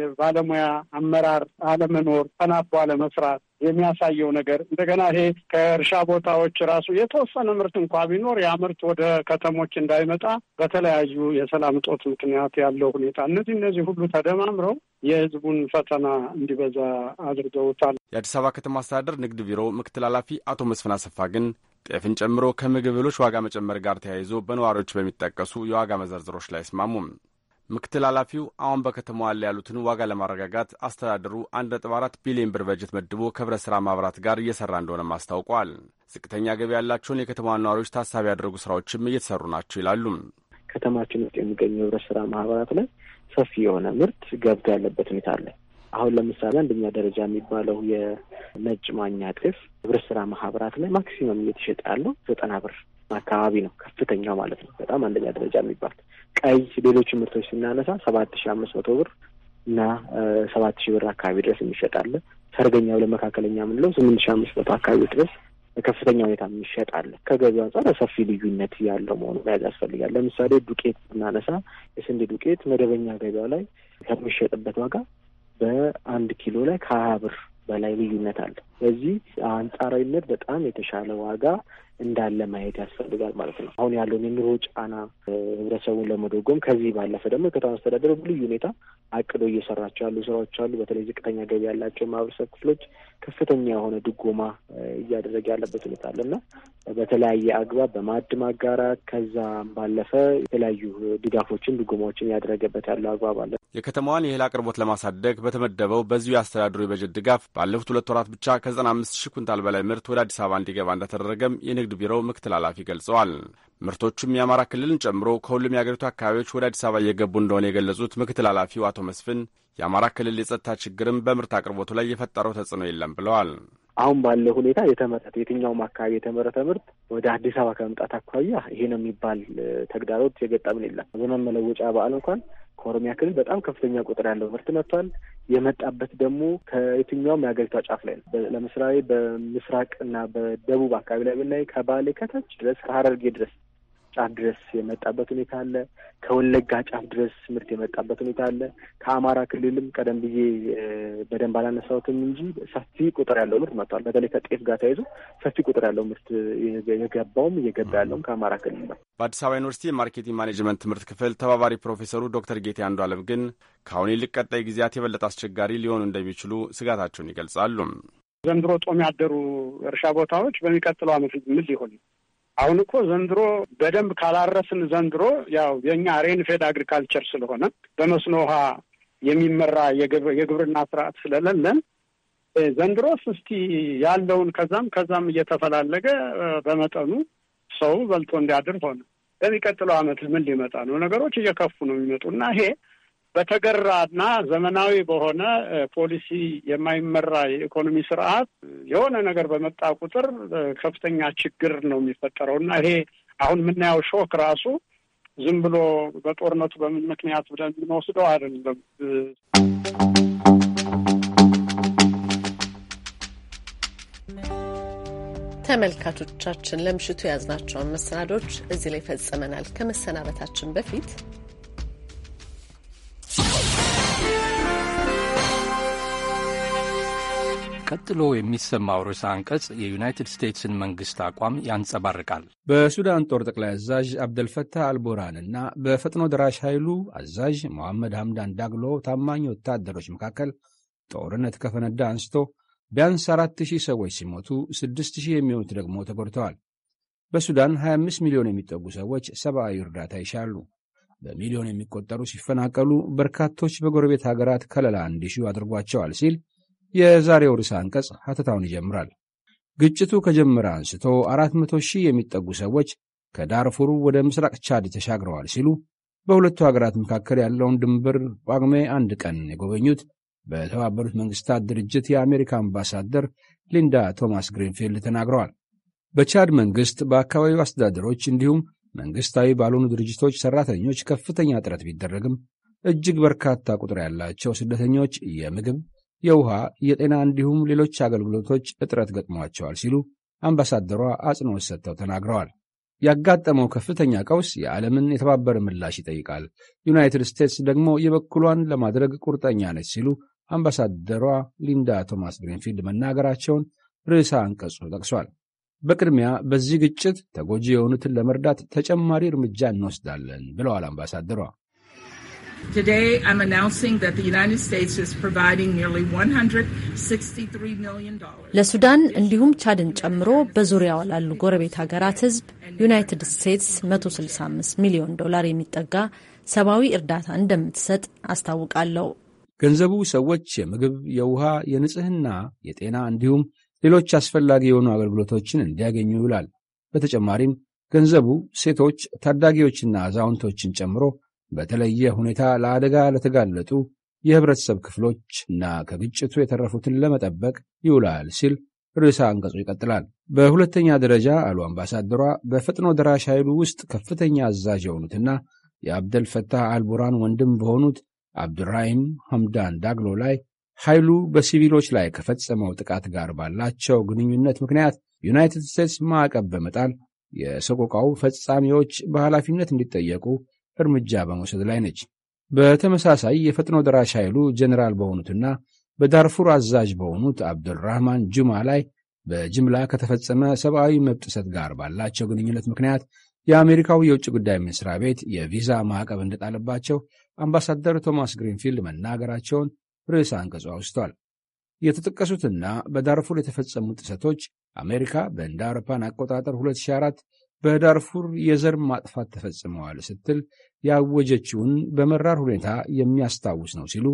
የባለሙያ አመራር አለመኖር፣ ተናቦ አለመስራት የሚያሳየው ነገር እንደገና ይሄ ከእርሻ ቦታዎች ራሱ የተወሰነ ምርት እንኳ ቢኖር ያ ምርት ወደ ከተሞች እንዳይመጣ በተለያዩ የሰላም እጦት ምክንያት ያለው ሁኔታ እነዚህ እነዚህ ሁሉ ተደማምረው የህዝቡን ፈተና እንዲበዛ አድርገውታል። የአዲስ አበባ ከተማ አስተዳደር ንግድ ቢሮ ምክትል ኃላፊ አቶ መስፍን አሰፋ ግን ጤፍን ጨምሮ ከምግብ እህሎች ዋጋ መጨመር ጋር ተያይዞ በነዋሪዎች በሚጠቀሱ የዋጋ መዘርዝሮች ላይ አይስማሙም። ምክትል ኃላፊው አሁን በከተማዋ ላይ ያሉትን ዋጋ ለማረጋጋት አስተዳደሩ 1.4 ቢሊዮን ብር በጀት መድቦ ከህብረት ሥራ ማኅበራት ጋር እየሠራ እንደሆነም አስታውቋል። ዝቅተኛ ገቢ ያላቸውን የከተማ ነዋሪዎች ታሳቢ ያደረጉ ሥራዎችም እየተሰሩ ናቸው ይላሉ። ከተማችን ውስጥ የሚገኙ የህብረት ሥራ ማኅበራት ላይ ሰፊ የሆነ ምርት ገብቶ ያለበት ሁኔታ አለ። አሁን ለምሳሌ አንደኛ ደረጃ የሚባለው የነጭ ማኛ ጤፍ ህብረት ስራ ማህበራት ላይ ማክሲመም እየተሸጠ ያለው ዘጠና ብር አካባቢ ነው። ከፍተኛው ማለት ነው። በጣም አንደኛ ደረጃ የሚባል ቀይ፣ ሌሎች ምርቶች ስናነሳ ሰባት ሺ አምስት መቶ ብር እና ሰባት ሺ ብር አካባቢ ድረስ የሚሸጣለ። ሰርገኛው ለመካከለኛ የምንለው ስምንት ሺ አምስት መቶ አካባቢ ድረስ በከፍተኛ ሁኔታ የሚሸጣለ። ከገቢው አንጻር ሰፊ ልዩነት ያለው መሆኑ መያዝ ያስፈልጋል። ለምሳሌ ዱቄት ስናነሳ የስንዴ ዱቄት መደበኛ ገበያው ላይ ከሚሸጥበት ዋጋ በአንድ ኪሎ ላይ ከሀያ ብር በላይ ልዩነት አለው በዚህ አንጻራዊነት በጣም የተሻለ ዋጋ እንዳለ ማየት ያስፈልጋል ማለት ነው። አሁን ያለውን የኑሮ ጫና ህብረተሰቡን ለመደጎም ከዚህ ባለፈ ደግሞ የከተማ አስተዳደሩ ብልዩ ሁኔታ አቅዶ እየሰራቸው ያሉ ስራዎች አሉ። በተለይ ዝቅተኛ ገቢ ያላቸው ማህበረሰብ ክፍሎች ከፍተኛ የሆነ ድጎማ እያደረገ ያለበት ሁኔታ አለ እና በተለያየ አግባብ በማዕድ ማጋራት ከዛም ባለፈ የተለያዩ ድጋፎችን ድጎማዎችን እያደረገበት ያለው አግባብ አለ። የከተማዋን የእህል አቅርቦት ለማሳደግ በተመደበው በዚሁ የአስተዳደሩ የበጀት ድጋፍ ባለፉት ሁለት ወራት ብቻ ከ ከ95 ኩንታል በላይ ምርት ወደ አዲስ አበባ እንዲገባ እንደተደረገም የንግድ ቢሮው ምክትል ኃላፊ ገልጸዋል። ምርቶቹም የአማራ ክልልን ጨምሮ ከሁሉም የአገሪቱ አካባቢዎች ወደ አዲስ አበባ እየገቡ እንደሆነ የገለጹት ምክትል ኃላፊው አቶ መስፍን የአማራ ክልል የጸጥታ ችግርም በምርት አቅርቦቱ ላይ የፈጠረው ተጽዕኖ የለም ብለዋል። አሁን ባለው ሁኔታ የተመረተ የትኛውም አካባቢ የተመረተ ምርት ወደ አዲስ አበባ ከመምጣት አኳያ ይሄ ነው የሚባል ተግዳሮት የገጠምን የለም። ዘመን መለወጫ በዓል እንኳን ከኦሮሚያ ክልል በጣም ከፍተኛ ቁጥር ያለው ምርት መጥቷል። የመጣበት ደግሞ ከየትኛውም የሀገሪቷ ጫፍ ላይ ነው። ለምሳሌ በምስራቅ እና በደቡብ አካባቢ ላይ ብናይ ከባሌ ከታች ድረስ ከሀረርጌ ድረስ ጫፍ ድረስ የመጣበት ሁኔታ አለ። ከወለጋ ጫፍ ድረስ ምርት የመጣበት ሁኔታ አለ። ከአማራ ክልልም ቀደም ብዬ በደንብ አላነሳሁትም እንጂ ሰፊ ቁጥር ያለው ምርት መጥቷል። በተለይ ከጤፍ ጋር ተያይዞ ሰፊ ቁጥር ያለው ምርት የገባውም እየገባ ያለውም ከአማራ ክልል ነው። በአዲስ አበባ ዩኒቨርሲቲ የማርኬቲንግ ማኔጅመንት ትምህርት ክፍል ተባባሪ ፕሮፌሰሩ ዶክተር ጌቴ አንዱ አለም ግን ከአሁን ይልቅ ቀጣይ ጊዜያት የበለጠ አስቸጋሪ ሊሆኑ እንደሚችሉ ስጋታቸውን ይገልጻሉ። ዘንድሮ ጦም ያደሩ እርሻ ቦታዎች በሚቀጥለው አመት ምን ሊሆን አሁን እኮ ዘንድሮ በደንብ ካላረስን ዘንድሮ ያው የእኛ ሬንፌድ አግሪካልቸር ስለሆነ በመስኖ ውሃ የሚመራ የግብርና ስርዓት ስለሌለን ዘንድሮስ እስቲ ያለውን ከዛም ከዛም እየተፈላለገ በመጠኑ ሰው በልቶ እንዲያድር ሆነ። በሚቀጥለው አመት ምን ሊመጣ ነው? ነገሮች እየከፉ ነው የሚመጡ እና ይሄ በተገራና ዘመናዊ በሆነ ፖሊሲ የማይመራ የኢኮኖሚ ስርዓት የሆነ ነገር በመጣ ቁጥር ከፍተኛ ችግር ነው የሚፈጠረው እና ይሄ አሁን የምናየው ሾክ ራሱ ዝም ብሎ በጦርነቱ በምን ምክንያት ብለን የምንወስደው አይደለም። ተመልካቾቻችን ለምሽቱ የያዝናቸውን መሰናዶች እዚህ ላይ ፈጽመናል። ከመሰናበታችን በፊት ቀጥሎ የሚሰማው ርዕሰ አንቀጽ የዩናይትድ ስቴትስን መንግሥት አቋም ያንጸባርቃል። በሱዳን ጦር ጠቅላይ አዛዥ አብደልፈታህ አልቡርሃን እና በፈጥኖ ደራሽ ኃይሉ አዛዥ መሐመድ ሐምዳን ዳግሎ ታማኝ ወታደሮች መካከል ጦርነት ከፈነዳ አንስቶ ቢያንስ 4000 ሰዎች ሲሞቱ 6000 የሚሆኑት ደግሞ ተጎድተዋል። በሱዳን 25 ሚሊዮን የሚጠጉ ሰዎች ሰብአዊ እርዳታ ይሻሉ። በሚሊዮን የሚቆጠሩ ሲፈናቀሉ በርካቶች በጎረቤት ሀገራት ከለላ እንዲሹ አድርጓቸዋል ሲል የዛሬው ርዕሰ አንቀጽ ሐተታውን ይጀምራል። ግጭቱ ከጀመረ አንስቶ 400 ሺህ የሚጠጉ ሰዎች ከዳርፉሩ ወደ ምስራቅ ቻድ ተሻግረዋል ሲሉ በሁለቱ ሀገራት መካከል ያለውን ድንበር ጳጉሜ አንድ ቀን የጎበኙት በተባበሩት መንግስታት ድርጅት የአሜሪካ አምባሳደር ሊንዳ ቶማስ ግሪንፊልድ ተናግረዋል። በቻድ መንግሥት፣ በአካባቢው አስተዳደሮች እንዲሁም መንግሥታዊ ባልሆኑ ድርጅቶች ሠራተኞች ከፍተኛ ጥረት ቢደረግም እጅግ በርካታ ቁጥር ያላቸው ስደተኞች የምግብ፣ የውሃ፣ የጤና እንዲሁም ሌሎች አገልግሎቶች እጥረት ገጥሟቸዋል ሲሉ አምባሳደሯ አጽንኦት ሰጥተው ተናግረዋል። ያጋጠመው ከፍተኛ ቀውስ የዓለምን የተባበረ ምላሽ ይጠይቃል። ዩናይትድ ስቴትስ ደግሞ የበኩሏን ለማድረግ ቁርጠኛ ነች ሲሉ አምባሳደሯ ሊንዳ ቶማስ ግሪንፊልድ መናገራቸውን ርዕሰ አንቀጹ ጠቅሷል። በቅድሚያ በዚህ ግጭት ተጎጂ የሆኑትን ለመርዳት ተጨማሪ እርምጃ እንወስዳለን ብለዋል አምባሳደሯ። ለሱዳን እንዲሁም ቻድን ጨምሮ በዙሪያዋ ላሉ ጎረቤት ሀገራት ህዝብ ዩናይትድ ስቴትስ 165 ሚሊዮን ዶላር የሚጠጋ ሰብአዊ እርዳታ እንደምትሰጥ አስታውቃለሁ። ገንዘቡ ሰዎች የምግብ፣ የውሃ፣ የንጽህና፣ የጤና እንዲሁም ሌሎች አስፈላጊ የሆኑ አገልግሎቶችን እንዲያገኙ ይውላል። በተጨማሪም ገንዘቡ ሴቶች፣ ታዳጊዎችና አዛውንቶችን ጨምሮ በተለየ ሁኔታ ለአደጋ ለተጋለጡ የህብረተሰብ ክፍሎች እና ከግጭቱ የተረፉትን ለመጠበቅ ይውላል ሲል ርዕሰ አንቀጹ ይቀጥላል። በሁለተኛ ደረጃ አሉ አምባሳደሯ በፈጥኖ ደራሽ ኃይሉ ውስጥ ከፍተኛ አዛዥ የሆኑትና የአብደል ፈታህ አልቡራን ወንድም በሆኑት አብዱራሂም ሐምዳን ዳግሎ ላይ ኃይሉ በሲቪሎች ላይ ከፈጸመው ጥቃት ጋር ባላቸው ግንኙነት ምክንያት ዩናይትድ ስቴትስ ማዕቀብ በመጣል የሰቆቃው ፈጻሚዎች በኃላፊነት እንዲጠየቁ እርምጃ በመውሰድ ላይ ነች። በተመሳሳይ የፈጥኖ ደራሽ ኃይሉ ጀኔራል በሆኑትና በዳርፉር አዛዥ በሆኑት አብዱልራህማን ጁማ ላይ በጅምላ ከተፈጸመ ሰብአዊ መብት ጥሰት ጋር ባላቸው ግንኙነት ምክንያት የአሜሪካው የውጭ ጉዳይ መስሪያ ቤት የቪዛ ማዕቀብ እንደጣለባቸው አምባሳደር ቶማስ ግሪንፊልድ መናገራቸውን ርዕሰ አንቀጹ አውስቷል። የተጠቀሱትና በዳርፉር የተፈጸሙ ጥሰቶች አሜሪካ በእንደ አውሮፓን አቆጣጠር 2004 በዳርፉር የዘር ማጥፋት ተፈጽመዋል ስትል ያወጀችውን በመራር ሁኔታ የሚያስታውስ ነው ሲሉ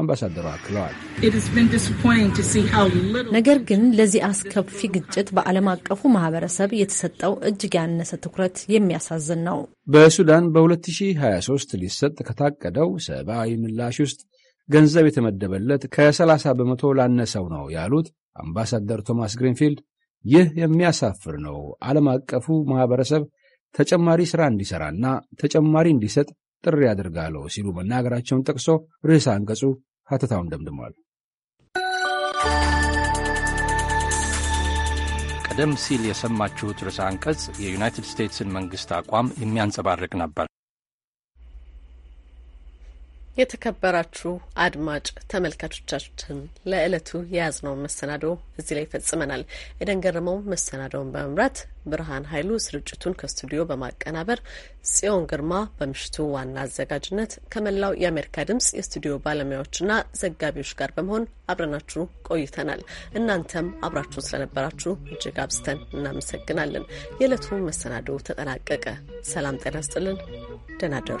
አምባሳደሩ አክለዋል። ነገር ግን ለዚህ አስከፊ ግጭት በዓለም አቀፉ ማህበረሰብ የተሰጠው እጅግ ያነሰ ትኩረት የሚያሳዝን ነው። በሱዳን በ2023 ሊሰጥ ከታቀደው ሰብአዊ ምላሽ ውስጥ ገንዘብ የተመደበለት ከ30 በመቶ ላነሰው ነው ያሉት አምባሳደር ቶማስ ግሪንፊልድ ይህ የሚያሳፍር ነው። ዓለም አቀፉ ማኅበረሰብ ተጨማሪ ሥራ እንዲሠራና ተጨማሪ እንዲሰጥ ጥሪ አድርጋለሁ ሲሉ መናገራቸውን ጠቅሶ ርዕሰ አንቀጹ ሐተታውን ደምድሟል። ቀደም ሲል የሰማችሁት ርዕሰ አንቀጽ የዩናይትድ ስቴትስን መንግሥት አቋም የሚያንጸባርቅ ነበር። የተከበራችሁ አድማጭ ተመልካቾቻችን ለዕለቱ የያዝነውን መሰናዶ እዚህ ላይ ይፈጽመናል። ኤደን ገረመው መሰናዶውን በመምራት ብርሃን ኃይሉ ስርጭቱን ከስቱዲዮ በማቀናበር ጽዮን ግርማ በምሽቱ ዋና አዘጋጅነት ከመላው የአሜሪካ ድምጽ የስቱዲዮ ባለሙያዎችና ዘጋቢዎች ጋር በመሆን አብረናችሁ ቆይተናል። እናንተም አብራችሁን ስለነበራችሁ እጅግ አብዝተን እናመሰግናለን። የዕለቱ መሰናዶ ተጠናቀቀ። ሰላም ጤና ስጥልን። ደህና ደሩ።